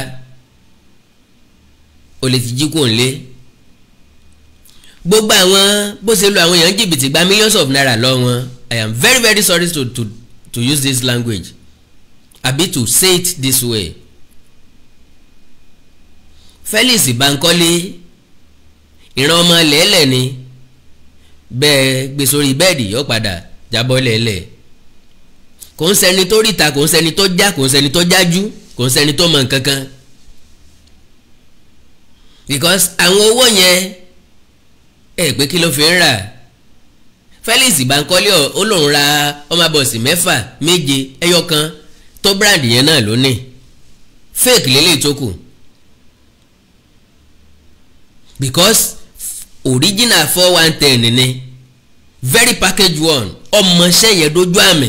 o lè ti jí kó ń lé gbogbo àwọn bó ṣe lu àwọn èèyàn jìbìtì gba millions of naira lọ wọn i am very very sorry to to to use this language àbí to say it this way Felix Bankole ìran ọmọ lẹ́lẹ̀ ni bẹ́ẹ̀ gbé sórí bẹ́ẹ̀dì yọ padà jábọ́ lẹ́lẹ̀ kò ń ṣẹni tó ríta kò ń ṣẹni tó já kò ń ṣẹni tó jájú kò ń ṣẹni tó mọ nǹkan kan because àwọn owó yẹn ẹ pé kí ló fi ń rà Felix Bankole ó lòun ra ọmọ bọ̀sì mẹ́fà méje ẹyọ kan tó brand yẹn náà ló fake lélẹ̀ tó kù because original four one ten ni very package one ọmọọṣẹ́ yẹn dojú àmì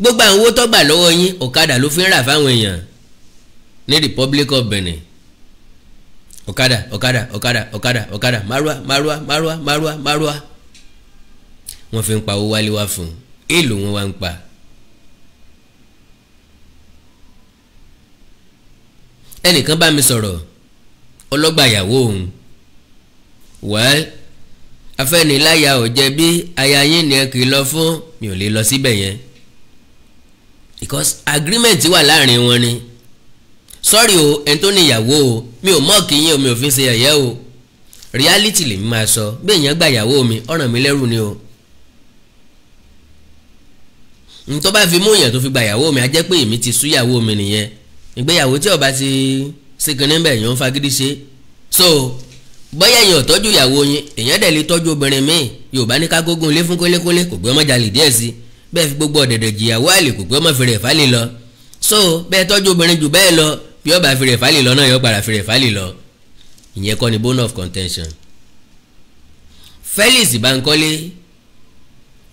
gbogbo àwọn owó tó gbà lọ́wọ́ yín ọ̀kadà ló fi ń rà fáwọn èèyàn ní Republic of Benin Okada, Okada, Okada, Okada, Okada. márùá márùá márùá márùá márùá wọ́n fi ń pa owó wálé wá fún un èèlò wọn wá ń pa. ẹnìkan bá mi sọ̀rọ̀ ọlọ́gbà ìyàwó òun wẹ́ẹ́ afẹ́niláyà ò jẹ̀bi aya yín ni ẹ kì í lọ fún mi ò lè lọ síbẹ̀ yẹn because agreement wà láàrin wọn ni sọ́ọ̀rì o ẹni tó níyàwó o mi ò mọ́ọ̀kì yín o mi ò fi ṣe ẹ̀yẹ́ o reality lèmi máa sọ bí èèyàn gba ìyàwó mi ọ̀ràn mi lẹ́rù ni o ntọ́ bá fi mú èèyàn tó fi gba ìyàwó mi a jẹ́ pé èmi ti sú ìyàwó mi nìyẹn ìgbéyàwó tí ọba ti ṣe kinní bẹ́ẹ̀ yàn ń fagídí ṣe so bóyá èèyàn tọ́jú ìyàwó yín èèyàn dẹ̀ lè tọ́jú obìnrin míì yorùbá ní ká gógùn ilé fún kólékólé kò gbé ọmọ jalè díẹ̀ sí bẹ́ẹ̀ fi gbogbo ọ̀dẹ̀dẹ̀ jìyàwó àlè kò gbé ọmọ fèrè fálè lọ so bẹ́ẹ̀ tọ́jú obìnrin jù bẹ́ẹ̀ lọ bí ọba fi rẹ̀fálì lọ náà yọ padà fi rẹ̀fálì lọ ìyẹn kọ́ ni bone of contention Felix Bankole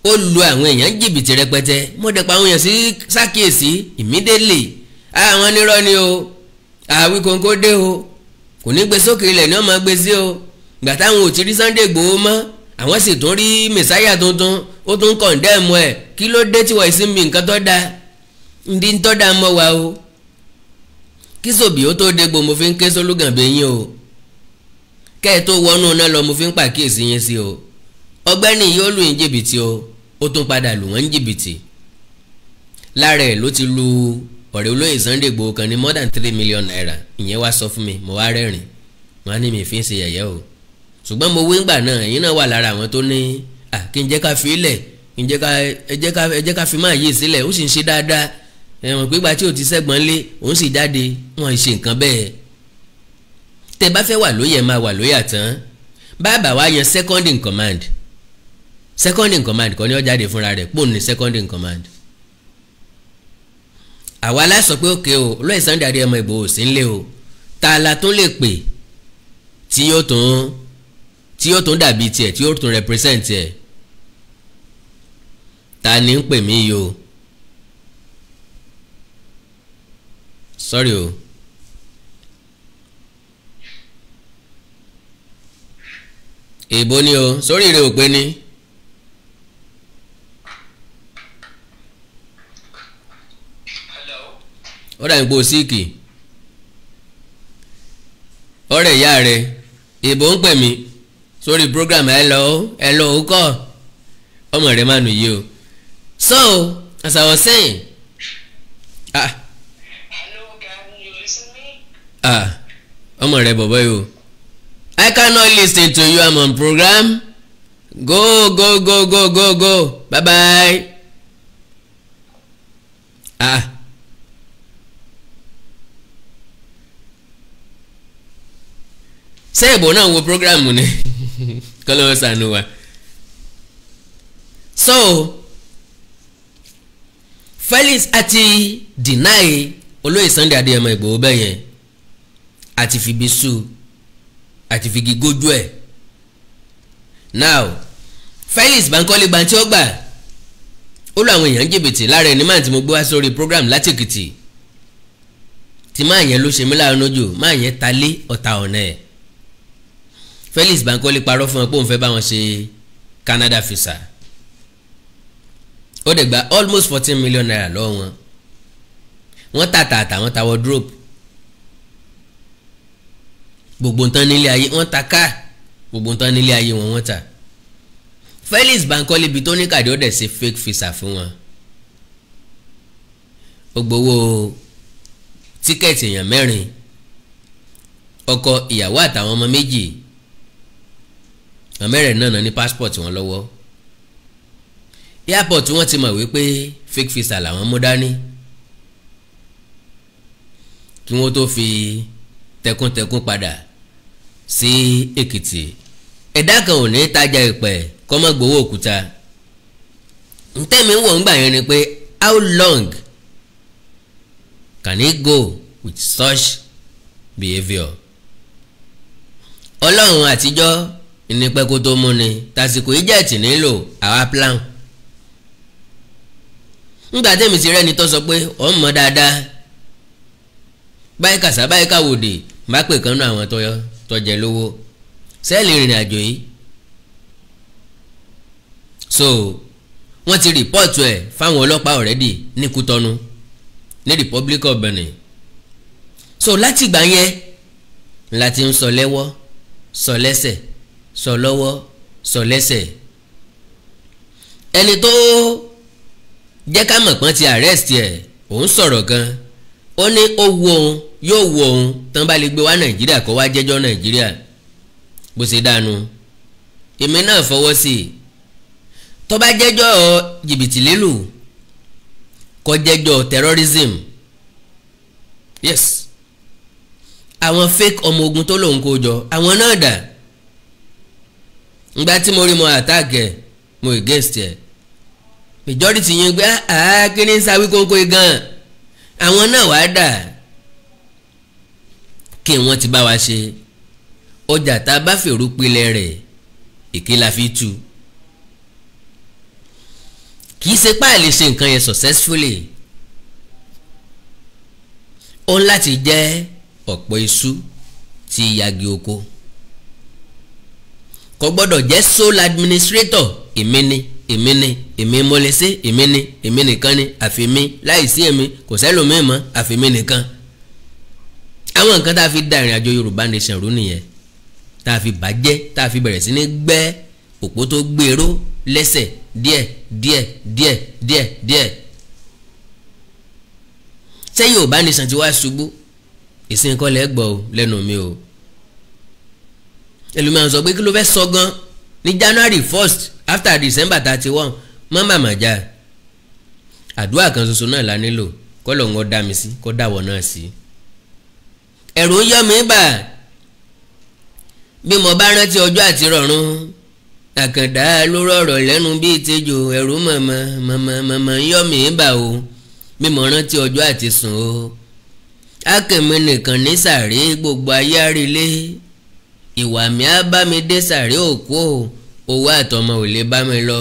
ó lu àwọn èèyàn jìbìtì rẹpẹtẹ mo dẹ̀ pa àwọn èèyàn sí ṣàkíyèsí immediately àwọn nírọ́ ni o àwí kòńkó dé o kò ní gbé sókè ilẹ̀ ni wọ́n máa gbé sí o gbà táwọn ò ti rí Sunday Igboho mọ́ àwọn sì tún rí mẹsáyà tuntun ó tún kọ̀ǹdẹ́ẹ̀mù ẹ̀ kí ló dé tí wọ́n ìsinmi nǹkan tó dáa ndí ń tọ́ dáa mọ́ wa o kíṣòbí ó tó dégbò mo fi ń ké sólùgànbé yín o kẹ́ ẹ tó wọnú náà lọ mo fi ń pàkíyèsí yín sí o ọ̀gbẹ́ni yóò lù yín jìbìtì o ó tún padà lù wọ́n ń jìbìtì lára ẹ̀ ló ti lu ọ̀rẹ́ olóyè Sunday Igboho kan ní more than three million naira ìyẹn wá sọ fún mi mo wá rẹ́rìn wọn á ní mi fi ń ṣe yẹ̀yẹ́ o ṣùgbọ́n mo wí ń gbà náà ẹ̀yin náà wà lára àwọn tó ní à kí n jẹ́ ká fi ilẹ̀ ẹ jẹ́ ká fi máa yí sílẹ̀ ó sì ń ṣe dáadáa ẹ̀wọ̀n pé gbàtí o ti sẹ́gbọ̀n lé òun sì jáde wọn ṣe nǹkan bẹ́ẹ̀ tẹ bá fẹ́ wà lóyè máa wà lóyè àtàn bàbá wa yan second in command second in command kọ́ ni ó jáde fúnra rẹ̀ pòun ní second in command àwa aláṣọ pé òkè o olóyè Sunday Adéyẹmọ Ìgbòho sí ń o tààlà tó lè pè tí yóò tún tí yóò tún dàbí tiẹ̀ tí yóò tún represent tiẹ̀ ta ni ń pè mí yìí o. sorry o. èèbó ni o sórí rẹ ò pé ni. ó dà ń po síìkì ọ̀rẹ́ ìyá rẹ èèbó ń pè mí sórí program hello hello ó kọ́ ọmọ rẹ máa nù yìí o so as I was saying. ah ọmọ rẹ bọ̀bọ̀ yìí o I cannot listen to you I'm on program go go go go go go bye bye ah. ṣé ìbò náà wo program ni kọ́lọ́ sànù wa so Felix àti deny olóyè Sunday Adéyẹmọ Ìgbòho bẹ́ẹ̀ yẹn àti fìbí su àti fìgì gójú ẹ̀ now Felix Bankole gbanti ọgbà ó lọ àwọn èèyàn jìbìtì lára ẹni máa tí mo gbé wá sórí program láti Èkìtì tí máa yẹn ló ṣe mí láàánú jù máa yẹn ta lé ọ̀tá ọ̀nà ẹ̀ Felix Bankole parọ́ fún wọn pé òun fẹ́ bá wọn ṣe Canada fisa. ó dẹ̀ gba almost fourteen million naira lọ́wọ́ wọn wọ́n ta tààtà wọ́n ta wardrobe gbogbo nǹkan nílé ayé wọ́n ta ká gbogbo nǹkan nílé ayé wọn wọ́n ta Felix Bankole ibi tó ní kàdé ó ṣe fake visa fún wọn ó gbowó tíkẹ́ẹ̀tì èèyàn mẹ́rin ọkọ ìyàwó àtàwọn ọmọ méjì àmẹ́rẹ̀ náà ní passport wọn lọ́wọ́ airport wọn ti mọ̀ wípé fake visa làwọn mú dání kí wọ́n tó fi tẹkùntẹkùn padà sí èkìtì ẹ̀dá kan ò ní tajà ìpẹ́ kọ́mọ́ gbowó òkúta ntẹ́mi ń wọ̀ ń gbà yẹn ni pé how long can he go with such behaviour ọlọ́run àtijọ́ ìnípẹ́ kó tó mú ni tásìkò ìjẹ́ẹ̀tì nílò àwa plan ńgbà tẹ́mi ti rẹ́ni tó sọ pé ọ̀ ń mọ̀ dáadáa báyìí kàṣà báyìí káwòdì má pè kánú àwọn tó yọ. tọjẹ lówó sẹ́ẹ̀lì ìrìn àjò yìí so wọ́n ti rìpọ́ọ̀tù ẹ̀ fáwọn ọlọ́pàá ọ̀rẹ́dì ní Kútọ́nù ní Republic of Benin so láti ìgbà yẹn la ti ń sọ lẹ́wọ́ sọ lẹ́sẹ̀ sọ lọ́wọ́ sọ lẹ́sẹ̀ ẹni tó jẹ́ ká mọ̀ pọ́n ti arrest ẹ̀ òun sọ̀rọ̀ gan ó ní ó wu òun yóò wọ òun tán bá lè gbé wá nàìjíríà kó wá jẹ́jọ́ nàìjíríà bó ṣe dànù èmi náà fọwọ́ sí i tó bá jẹ́jọ́ jìbìtì lílù kó jẹ́jọ́ terrorism yes àwọn fake ọmọ ogun tó lòun kó jọ àwọn náà dà ngbà tí mo rí mo attack ẹ mo against ẹ majority yẹn gbé àá ah, ah, kí ni sáwí kóńkó gan àwọn náà wàá dà kí wọ́n ti bá wa ṣe ọjà tá a bá fèrú pilẹ̀ rẹ̀ èké la fi tu kì í ṣe pé a lè ṣe nǹkan yẹn successfully ó ń láti jẹ́ ọ̀pọ̀ iṣu tí yagi oko kò gbọ́dọ̀ jẹ́ sole administrator èmi ni èmi ni èmi mo lè ṣe èmi ni èmi nìkan ni àfi mi láìsí èmi kò sẹ́lòmíì mọ́ àfi mi nìkan àwọn nǹkan tá a fi da ìrìn àjò Yorùbá nation rú nìyẹn tá a fi bàjẹ́ tá a fi bẹ̀rẹ̀ sí ní gbẹ́ òpó tó gbèrò lẹ́sẹ̀ díẹ̀ díẹ̀ díẹ̀ díẹ̀ díẹ̀ ṣé Yorùbá nation ti wá ṣubú ìsìn kọ́ lẹ́ gbọ́ lẹ́nu mi o ẹlòmíràn sọ pé kí ló fẹ́ sọ gan ní January first after December thirty one mọ́ màmá já àdúrà kan ṣoṣo náà la nílò kọ́ lọ́n kọ́ dá mi sí kọ́ dáwọ̀ náà sí. Si ẹ̀rù ń yọ mí bà bí mo bá rántí ọjọ́ àti rọ̀run àkàndá ló rọ̀rọ̀ lẹ́nu bíi tejò ẹ̀rù mọ̀mọ́ mọ̀mọ́ mọ̀mọ́ ń yọ mí bà o bí mo rántí ọjọ́ àti sùn o akẹ́mi nìkan ní sàrí gbogbo ayé àrílé ìwà mi á bá mi dé sàrí òkú o owó àtọmọ ò lè bá mi lọ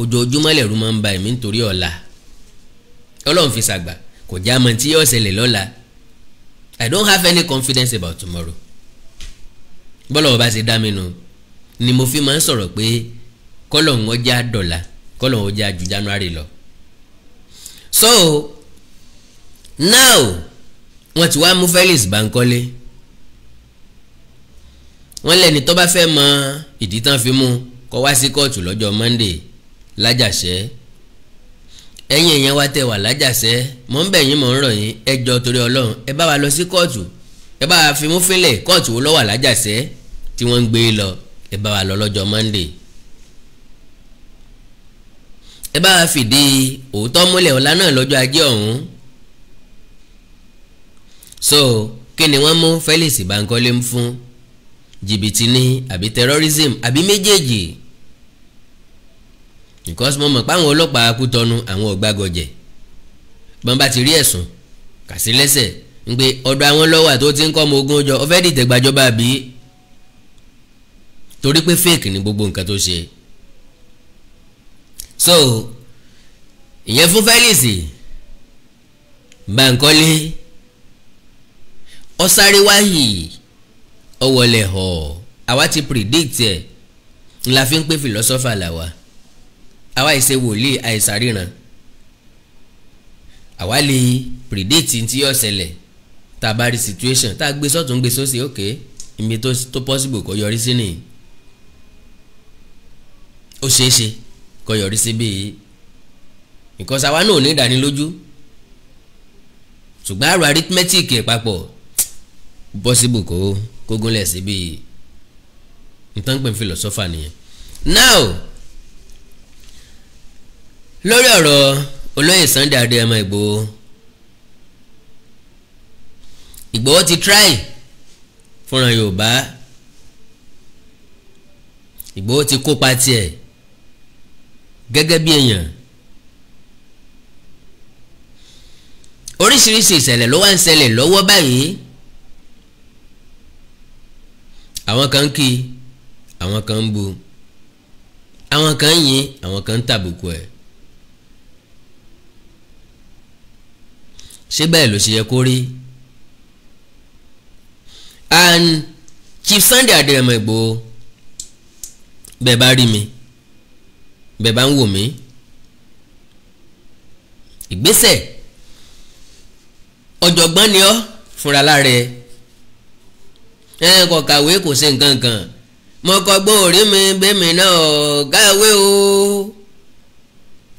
ojoojúmọ́ lẹ̀rù máa ń ba èmi nítorí ọ̀la ọlọ́run fi ṣàgbà kò já mọ́ tí yóò ṣẹlẹ̀ lọ́la I don't have any confidence about tomorrow bọ́lá ọba ṣe dá mi nu ni mo fi máa ń sọ̀rọ̀ pé kọ́lọ̀ ń ọjà dọ̀là kọ́lọ̀ ń ọjà ju January lọ so now wọ́n ti wá mú Felix Bankole wọ́n lẹ́ni tó bá fẹ́ mọ ìdí tán fi mú kó wá sí kóòtù lọ́jọ́ Monday lájàṣẹ́ ẹ̀yin èèyàn wa tẹ́ wà lájàsẹ́ mò ń bẹ̀ yín mò ń rọ̀ yín ẹ torí ọlọ́run ẹ bá wa lọ sí kóòtù ẹ bá wa fi mú fínlẹ̀ kóòtù wo ló wà tí wọ́n ń gbé lọ ẹ bá wa lọ lọ́jọ́ Monday ẹ bá wa fìdí òótọ́ múlẹ̀ ọ̀la náà lọ́jọ́ ajé ọ̀hún so kí ni wọ́n mú Felix Bankole ń fún jìbìtì ni àbí terrorism àbí méjèèjì because mo mọ̀ pé àwọn ọlọ́pàá kú tọ́nu àwọn ọ̀gbágọ̀jẹ̀ bọ́n bá ti rí ẹ̀sùn kà sí lẹ́sẹ̀ ń pé ọ̀dọ̀ àwọn lọ́wà tó ti ń kọ́ ọmọ ogun ọjọ́ ọ dìtẹ̀ gbàjọba àbí torí pé fake ni gbogbo nǹkan tó ṣe so ìyẹn fún Felix Bankole ọ̀sáréwáyì ọ̀wọ̀lẹ̀ họ̀ àwa ti predict ẹ̀ ńlá fi ń pè philosopher làwa àwa ìṣe wòlíì àìsàn ríran àwa lè predict tí yóò ṣẹlẹ̀ tá a bá rí situation tá a gbé sọ́tún gbé sósì ok ibi tó possible kó yọrí sí nìyí ó ṣeé ṣe yọrí sí bíi because àwa náà ò ní ìdánilójú ṣùgbọ́n àrò arithmetic papọ̀ possible kó kó gúnlẹ̀ sí bíi nǹkan pè ní philosopher nìyẹn now lórí ọ̀rọ̀ olóyè Sunday Adéyẹmọ Ìgbòho Ìgbòho ti try fúnra Yorùbá Ìgbòho ti kópa tiẹ̀ gẹ́gẹ́ bí èèyàn oríṣiríṣi ìṣẹ̀lẹ̀ ló wá ń ṣẹlẹ̀ lọ́wọ́ báyìí àwọn kan ń kí àwọn kan ń bu àwọn kan ń yìn àwọn kan ń tàbùkù ẹ̀ ṣé bẹ́ẹ̀ ló ṣe yẹ kó rí and Chief Sunday Adéyẹmọ Ìgbòho bẹ́ẹ̀ bá rí mi bẹ́ẹ̀ bá ń wò mí ìgbésẹ̀ ọ̀jọ̀gbọ́n ni ọ́ fúnra lára ẹ̀ ẹ̀ kò kàwé kò ṣe nǹkan kan mo kọ gbóòrí mi bẹ́mi náà ọ̀gá ìwé o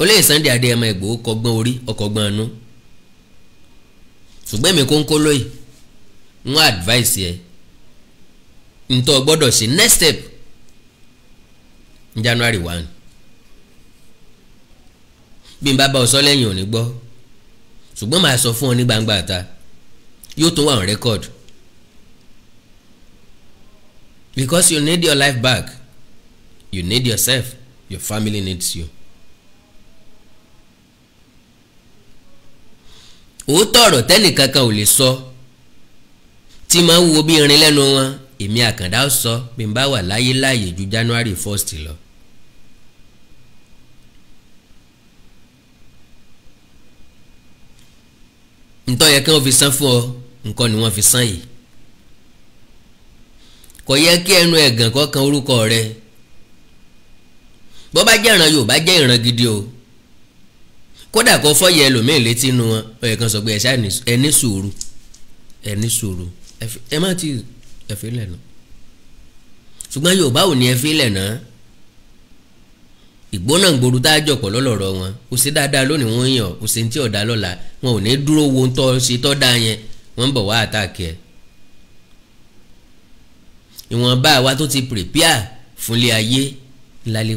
olóyè Sunday Adéyẹmọ Ìgbòho kọgbọ́n orí ọkọ̀gbọ́n inú. No? ṣùgbọ́n èmi kò ń kó lóyè ń advice yẹ ntọ́ gbọ́dọ̀ ṣe next step January one bí n bá bá ọ sọ lẹ́yìn ò ní gbọ́ ṣùgbọ́n màá sọ fún ọ ní gbangba ta yóò tún wà on record because you need your life back you need yourself your family needs you òótọ́ ọ̀rọ̀ tẹ́nìkankan ò lè sọ tí máa ń wo bí irin lẹ́nu wọn èmi àkàndá sọ bí n bá wà láyé láàyè ju January 1st lọ. ntọ́ yẹ kí wọ́n fi san fún ọ nǹkan ni wọ́n fi san yìí kò yẹ kí ẹnu ẹ̀gàn kọ́ kan orúkọ rẹ bọ́ bá jẹ́ ìran Yorùbá jẹ́ ìran gidi o. kódà kó fọyẹ ẹlòmíì létí nu wọn ó yẹ kàn sọ pé ẹ ṣáà ẹ ní sùúrù ẹ ní sùúrù ẹ má ti ẹ fi lẹ̀ nà ṣùgbọ́n Yorùbá ò ní ẹ fi lẹ̀ nà ìgbóná gbòòrò tá a jọpọ̀ lọ́lọ́rọ̀ wọn kò sí dáadáa lónìí wọ́n yàn kò sí tí ọ̀dà lọ́la wọn ò ní dúró wo tọ́ ṣe tọ́ da yẹn wọ́n ń bọ̀ wá àtàkì ìwọ̀nba àwa tó ti prepare fúnlé ayé ńlá lè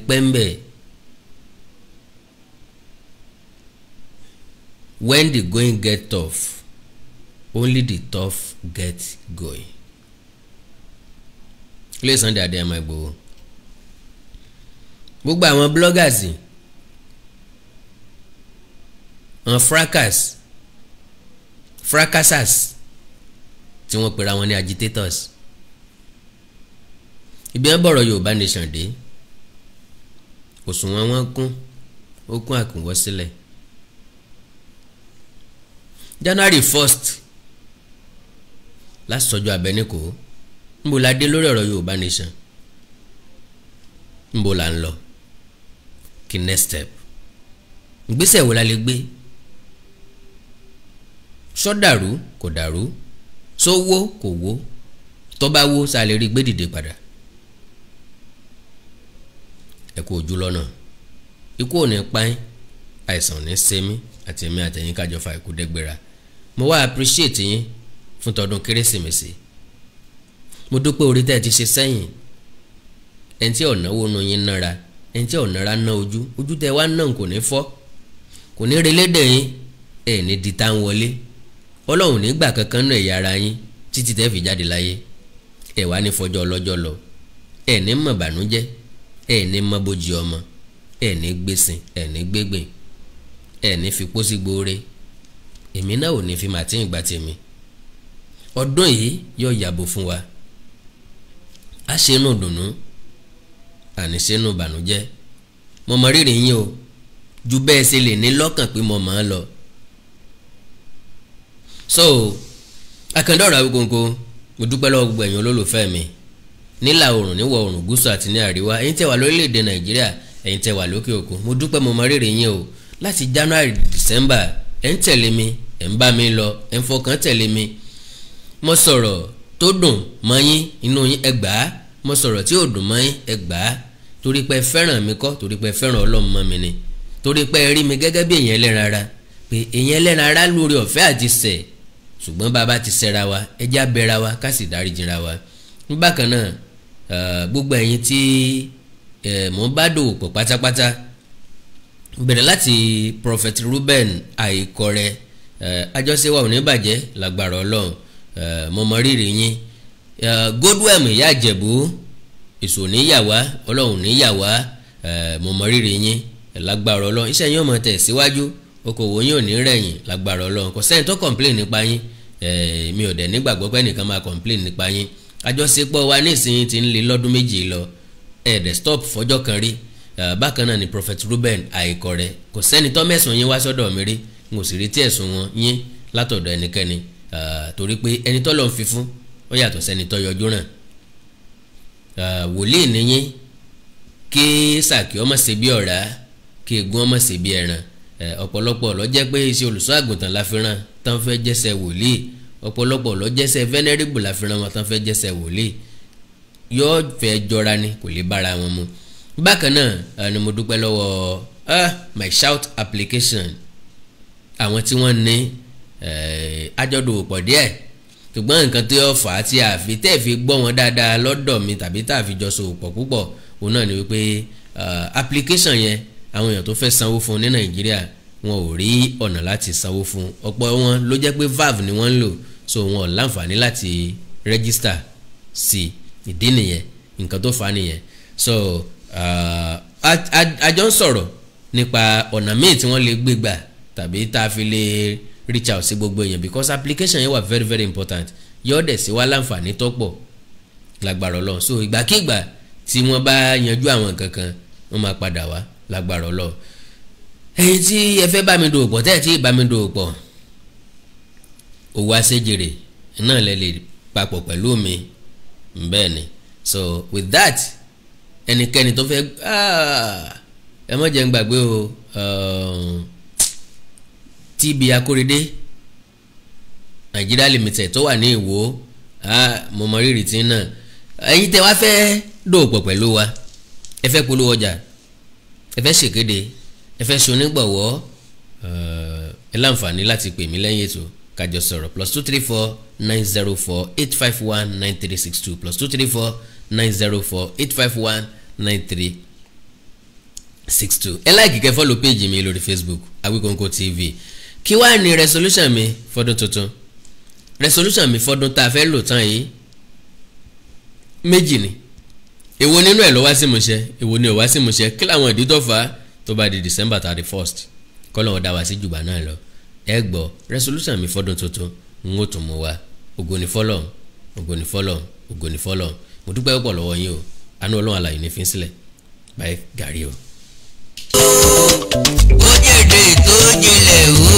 when the going get tough only the tough get going. ilé Sunday adé ẹ̀mọ́ Ìgbòho gbogbo àwọn bloggers àwọn fracas fracassers tí wọ́n pera wọn ní agitators ibi wọn bọ̀rọ̀ Yorùbá nation dé òṣùwọ̀n wọn kún ó kún àkùnwọ́ sílẹ̀. Si january first Last sọjọ́ abẹniko níbo la dé lórí ọ̀rọ̀ yorùbá nation níbo la ń lọ kí next step ìgbésẹ̀ wo la lè gbé sọ dàrú kò dàrú sọ wó kò wó tó bá wó sa lè rí gbé dìde padà ẹ kú ojú lọ́nà ikú ò ní pa yín àìsàn ò ní ṣe àti èmi àtẹ̀yìn kájọ fa ikú dẹ́gbẹ́ra mo wá appreciate yín fún tọdún kérésìmesì mo dúpẹ́ orí tẹ́ ẹ ti ṣe sẹ́yìn ẹni tí ọ̀nàwó nu yín nára ẹni tí ọ̀nàra ná ojú ojú tẹ́ wá náà kò ní fọ́ kò ní relédè yín ẹ̀ ní di tá ń wọlé ọlọ́run nígbà kankan náà ẹ̀yà ara yín títí tẹ́ fi jáde láyé ẹ̀ wá ní fọjọ́ ọlọ́jọ́ lọ ẹ̀ ní mọ̀ bànújẹ́ ẹ̀ ní mọ̀ bójì ọmọ ẹ̀ ní gbèsè ẹ̀ ní gbégbè ẹ̀ ní fi pósí gbóore èmi náà ò ní fi màtí ìgbà tèmi ọdún yìí yóò yàbò fún wa a ṣe inú dùnú àní ṣe inú bànújẹ́ mo mọ rírì yín o ju bẹ́ẹ̀ ṣe lè ní lọ́kàn pé mo mọ̀ ọ́n lọ. so akandọ́rọ̀ Awikonko mo dúpẹ́ lọ́wọ́ gbogbo ẹ̀yin olólùfẹ́ mi nílà oòrùn níwọ̀ oòrùn gúúsù àti ní àríwá ẹ̀yin tẹ́ wà lórílẹ̀‐èdè Nàìjíríà ẹ̀yin tẹ́ wà lókè òkun mo dúpẹ́ mo mọ rírì yín o láti January December ẹ̀ ń tẹ̀lé mi ẹ̀ ń bá mi lọ ẹ̀ ń fọkàn tẹ̀lé mi mo sọ̀rọ̀ tó dùn mọ́ yín inú yín ẹ gbà á mo sọ̀rọ̀ tí ò dùn mọ́ yín ẹ gbà á torí pé fẹ́ràn mi kọ́ torí pé fẹ́ràn ọlọ́run mọ́ mi ni torí pé rí mi gẹ́gẹ́ bí èèyàn ẹlẹ́ran ara pé èèyàn ẹlẹ́ran ara lórí ọ̀fẹ́ àti sẹ̀ ṣùgbọ́n bàbá ti sẹ́ra wa ẹja bẹ́ra wa ká sì dáríjìra wa bákan náà gbogbo ẹ̀yin tí mò ń bá dòwò pọ̀ pátápátá bẹ̀rẹ̀ láti Prophet Ruben àìkọrẹ́ àjọṣe wa ò ní bàjẹ́ lágbára ọlọ́run mo mọ rírì yín Godwin ìyá àjẹ̀bú èso ò ní yà wá ọlọ́run ò ní yà wá mo mọ rírì yín lágbára ọlọ́run iṣẹ́ yín ò tẹ̀ síwájú okòwò yín ò ní rẹ̀yìn lágbára ọlọ́run kò sẹ́ni tó complain nípa yín mi ò dẹ̀ nígbàgbọ́ pé ẹnìkan máa complain nípa yín àjọṣepọ̀ wa nísìnyí ti ń lé lọ́dún méjì lọ ẹ̀ dẹ̀ stop fọjọ́ kan rí bákan náà ni Prophet Ruben àìkọ̀rẹ́ kò sẹ́ni tó mẹ́sùn yín wá sọ́dọ̀ mi rí n kò sì retí ẹ̀sùn wọn yín látọ̀dọ̀ ẹnikẹ́ni torí pé ẹni tọ́lọ̀ ń fi fún ó yàtọ̀ sẹ́ni tó yọjú ràn wòlíì nìyí kí sàkí ọmọ ṣe bí ọ̀rá kí egun ọmọ ṣe bí ẹran ọ̀pọ̀lọpọ̀ ló jẹ́ pé iṣẹ́ olùṣọ́ àgùntàn la fi rán tán fẹ́ jẹ́sẹ̀ wòlíì ọ̀pọ̀lọpọ̀ ló jẹ́sẹ̀ la fi rán wọn tán fẹ́ jẹ́sẹ̀ wòlíì yóò fẹ́ jọra ni kò lè bára wọn mu bákan náà ni mo dúpẹ́ lọ́wọ́ ah my shout application àwọn tí wọ́n ní àjọdòpọ̀ díẹ̀ ṣùgbọ́n nǹkan tó yọ fà á tí a fi tẹ́ fi gbọ́ wọn dáadáa lọ́dọ̀ mi tàbí tá a fi jọ sòpọ̀ púpọ̀ òun náà ni wípé application yẹn àwọn èèyàn tó fẹ́ sanwó fún ní Nàìjíríà wọn ò rí ọ̀nà láti sanwó fún ọ̀pọ̀ wọn ló jẹ́ pé valve ni wọ́n ń lò so wọn ò láǹfààní láti register sí ìdí nìyẹn nǹkan tó fà á nìyẹn so àjọ ń sọ̀rọ̀ nípa ọ̀nà míì tí wọ́n lè gbé gbà tàbí tá a fi lè reach out sí gbogbo èèyàn because application yẹn wà very very important yóò dẹ̀ sí wa láǹfààní tó pọ̀ lágbára Ọlọ́run so ìgbàkigbà tí wọ́n bá yanjú àwọn nǹkan kan wọ́n máa padà wá lágbára Ọlọ́run ẹ̀yin tí ẹ fẹ́ bá mi dòwò pọ̀ tẹ́ẹ̀ tí ì bá mi dòwò pọ̀ owó àṣejèrè náà lè lè papọ̀ pẹ̀lú mi bẹ́ẹ̀ ni so with that ẹnikẹ́ni tó fẹ́ ah, ẹ má jẹ́ n gbàgbé o. Uh, TB Akóredé Nigeria Limited tó wà ní Ìwó mo mọ rírì tí náà ẹ̀yin tẹ́ wá fẹ́ dòòpọ̀ pẹ̀lú wa ẹ fẹ́ polówó ọjà ẹ fẹ́ ṣèkéde ẹ fẹ́ ṣonígbọ̀wọ́ eh, ẹ láǹfààní láti pè mí lẹ́yìn ètò kájọ sọ̀rọ̀ plus two three four nine zero four eight five one nine three six two plus two three four nine zero four eight five one nine three six two ẹ láìkì kẹ́ fọ́lọ̀ péèjì mi lórí Facebook Awikonko TV kí wàá ní resolution mi fọdún tuntun resolution mi fọdún tá a fẹ́ lò tán yìí méjì ni èwo nínú ẹ̀ ló wá sí ìmúṣẹ èwo ni ò wá sí ìmúṣẹ kí làwọn ìdí tó fà tó bá di december thirty first kọ́lọ́wọ́n dá wa sí jùbà náà lọ ẹ gbọ́ resolution mi fọdún tuntun n ó tún mú wa ògo ni fọlọ́n ògo ni fọlọ́n ògo ni fọlọ́n mo dúpẹ́ púpọ̀ lọ́wọ́ yín o àánú ọlọ́run àlàyé ní fín sílẹ̀ báyìí gàrí o. ó jèrè tó jinlẹ̀ o.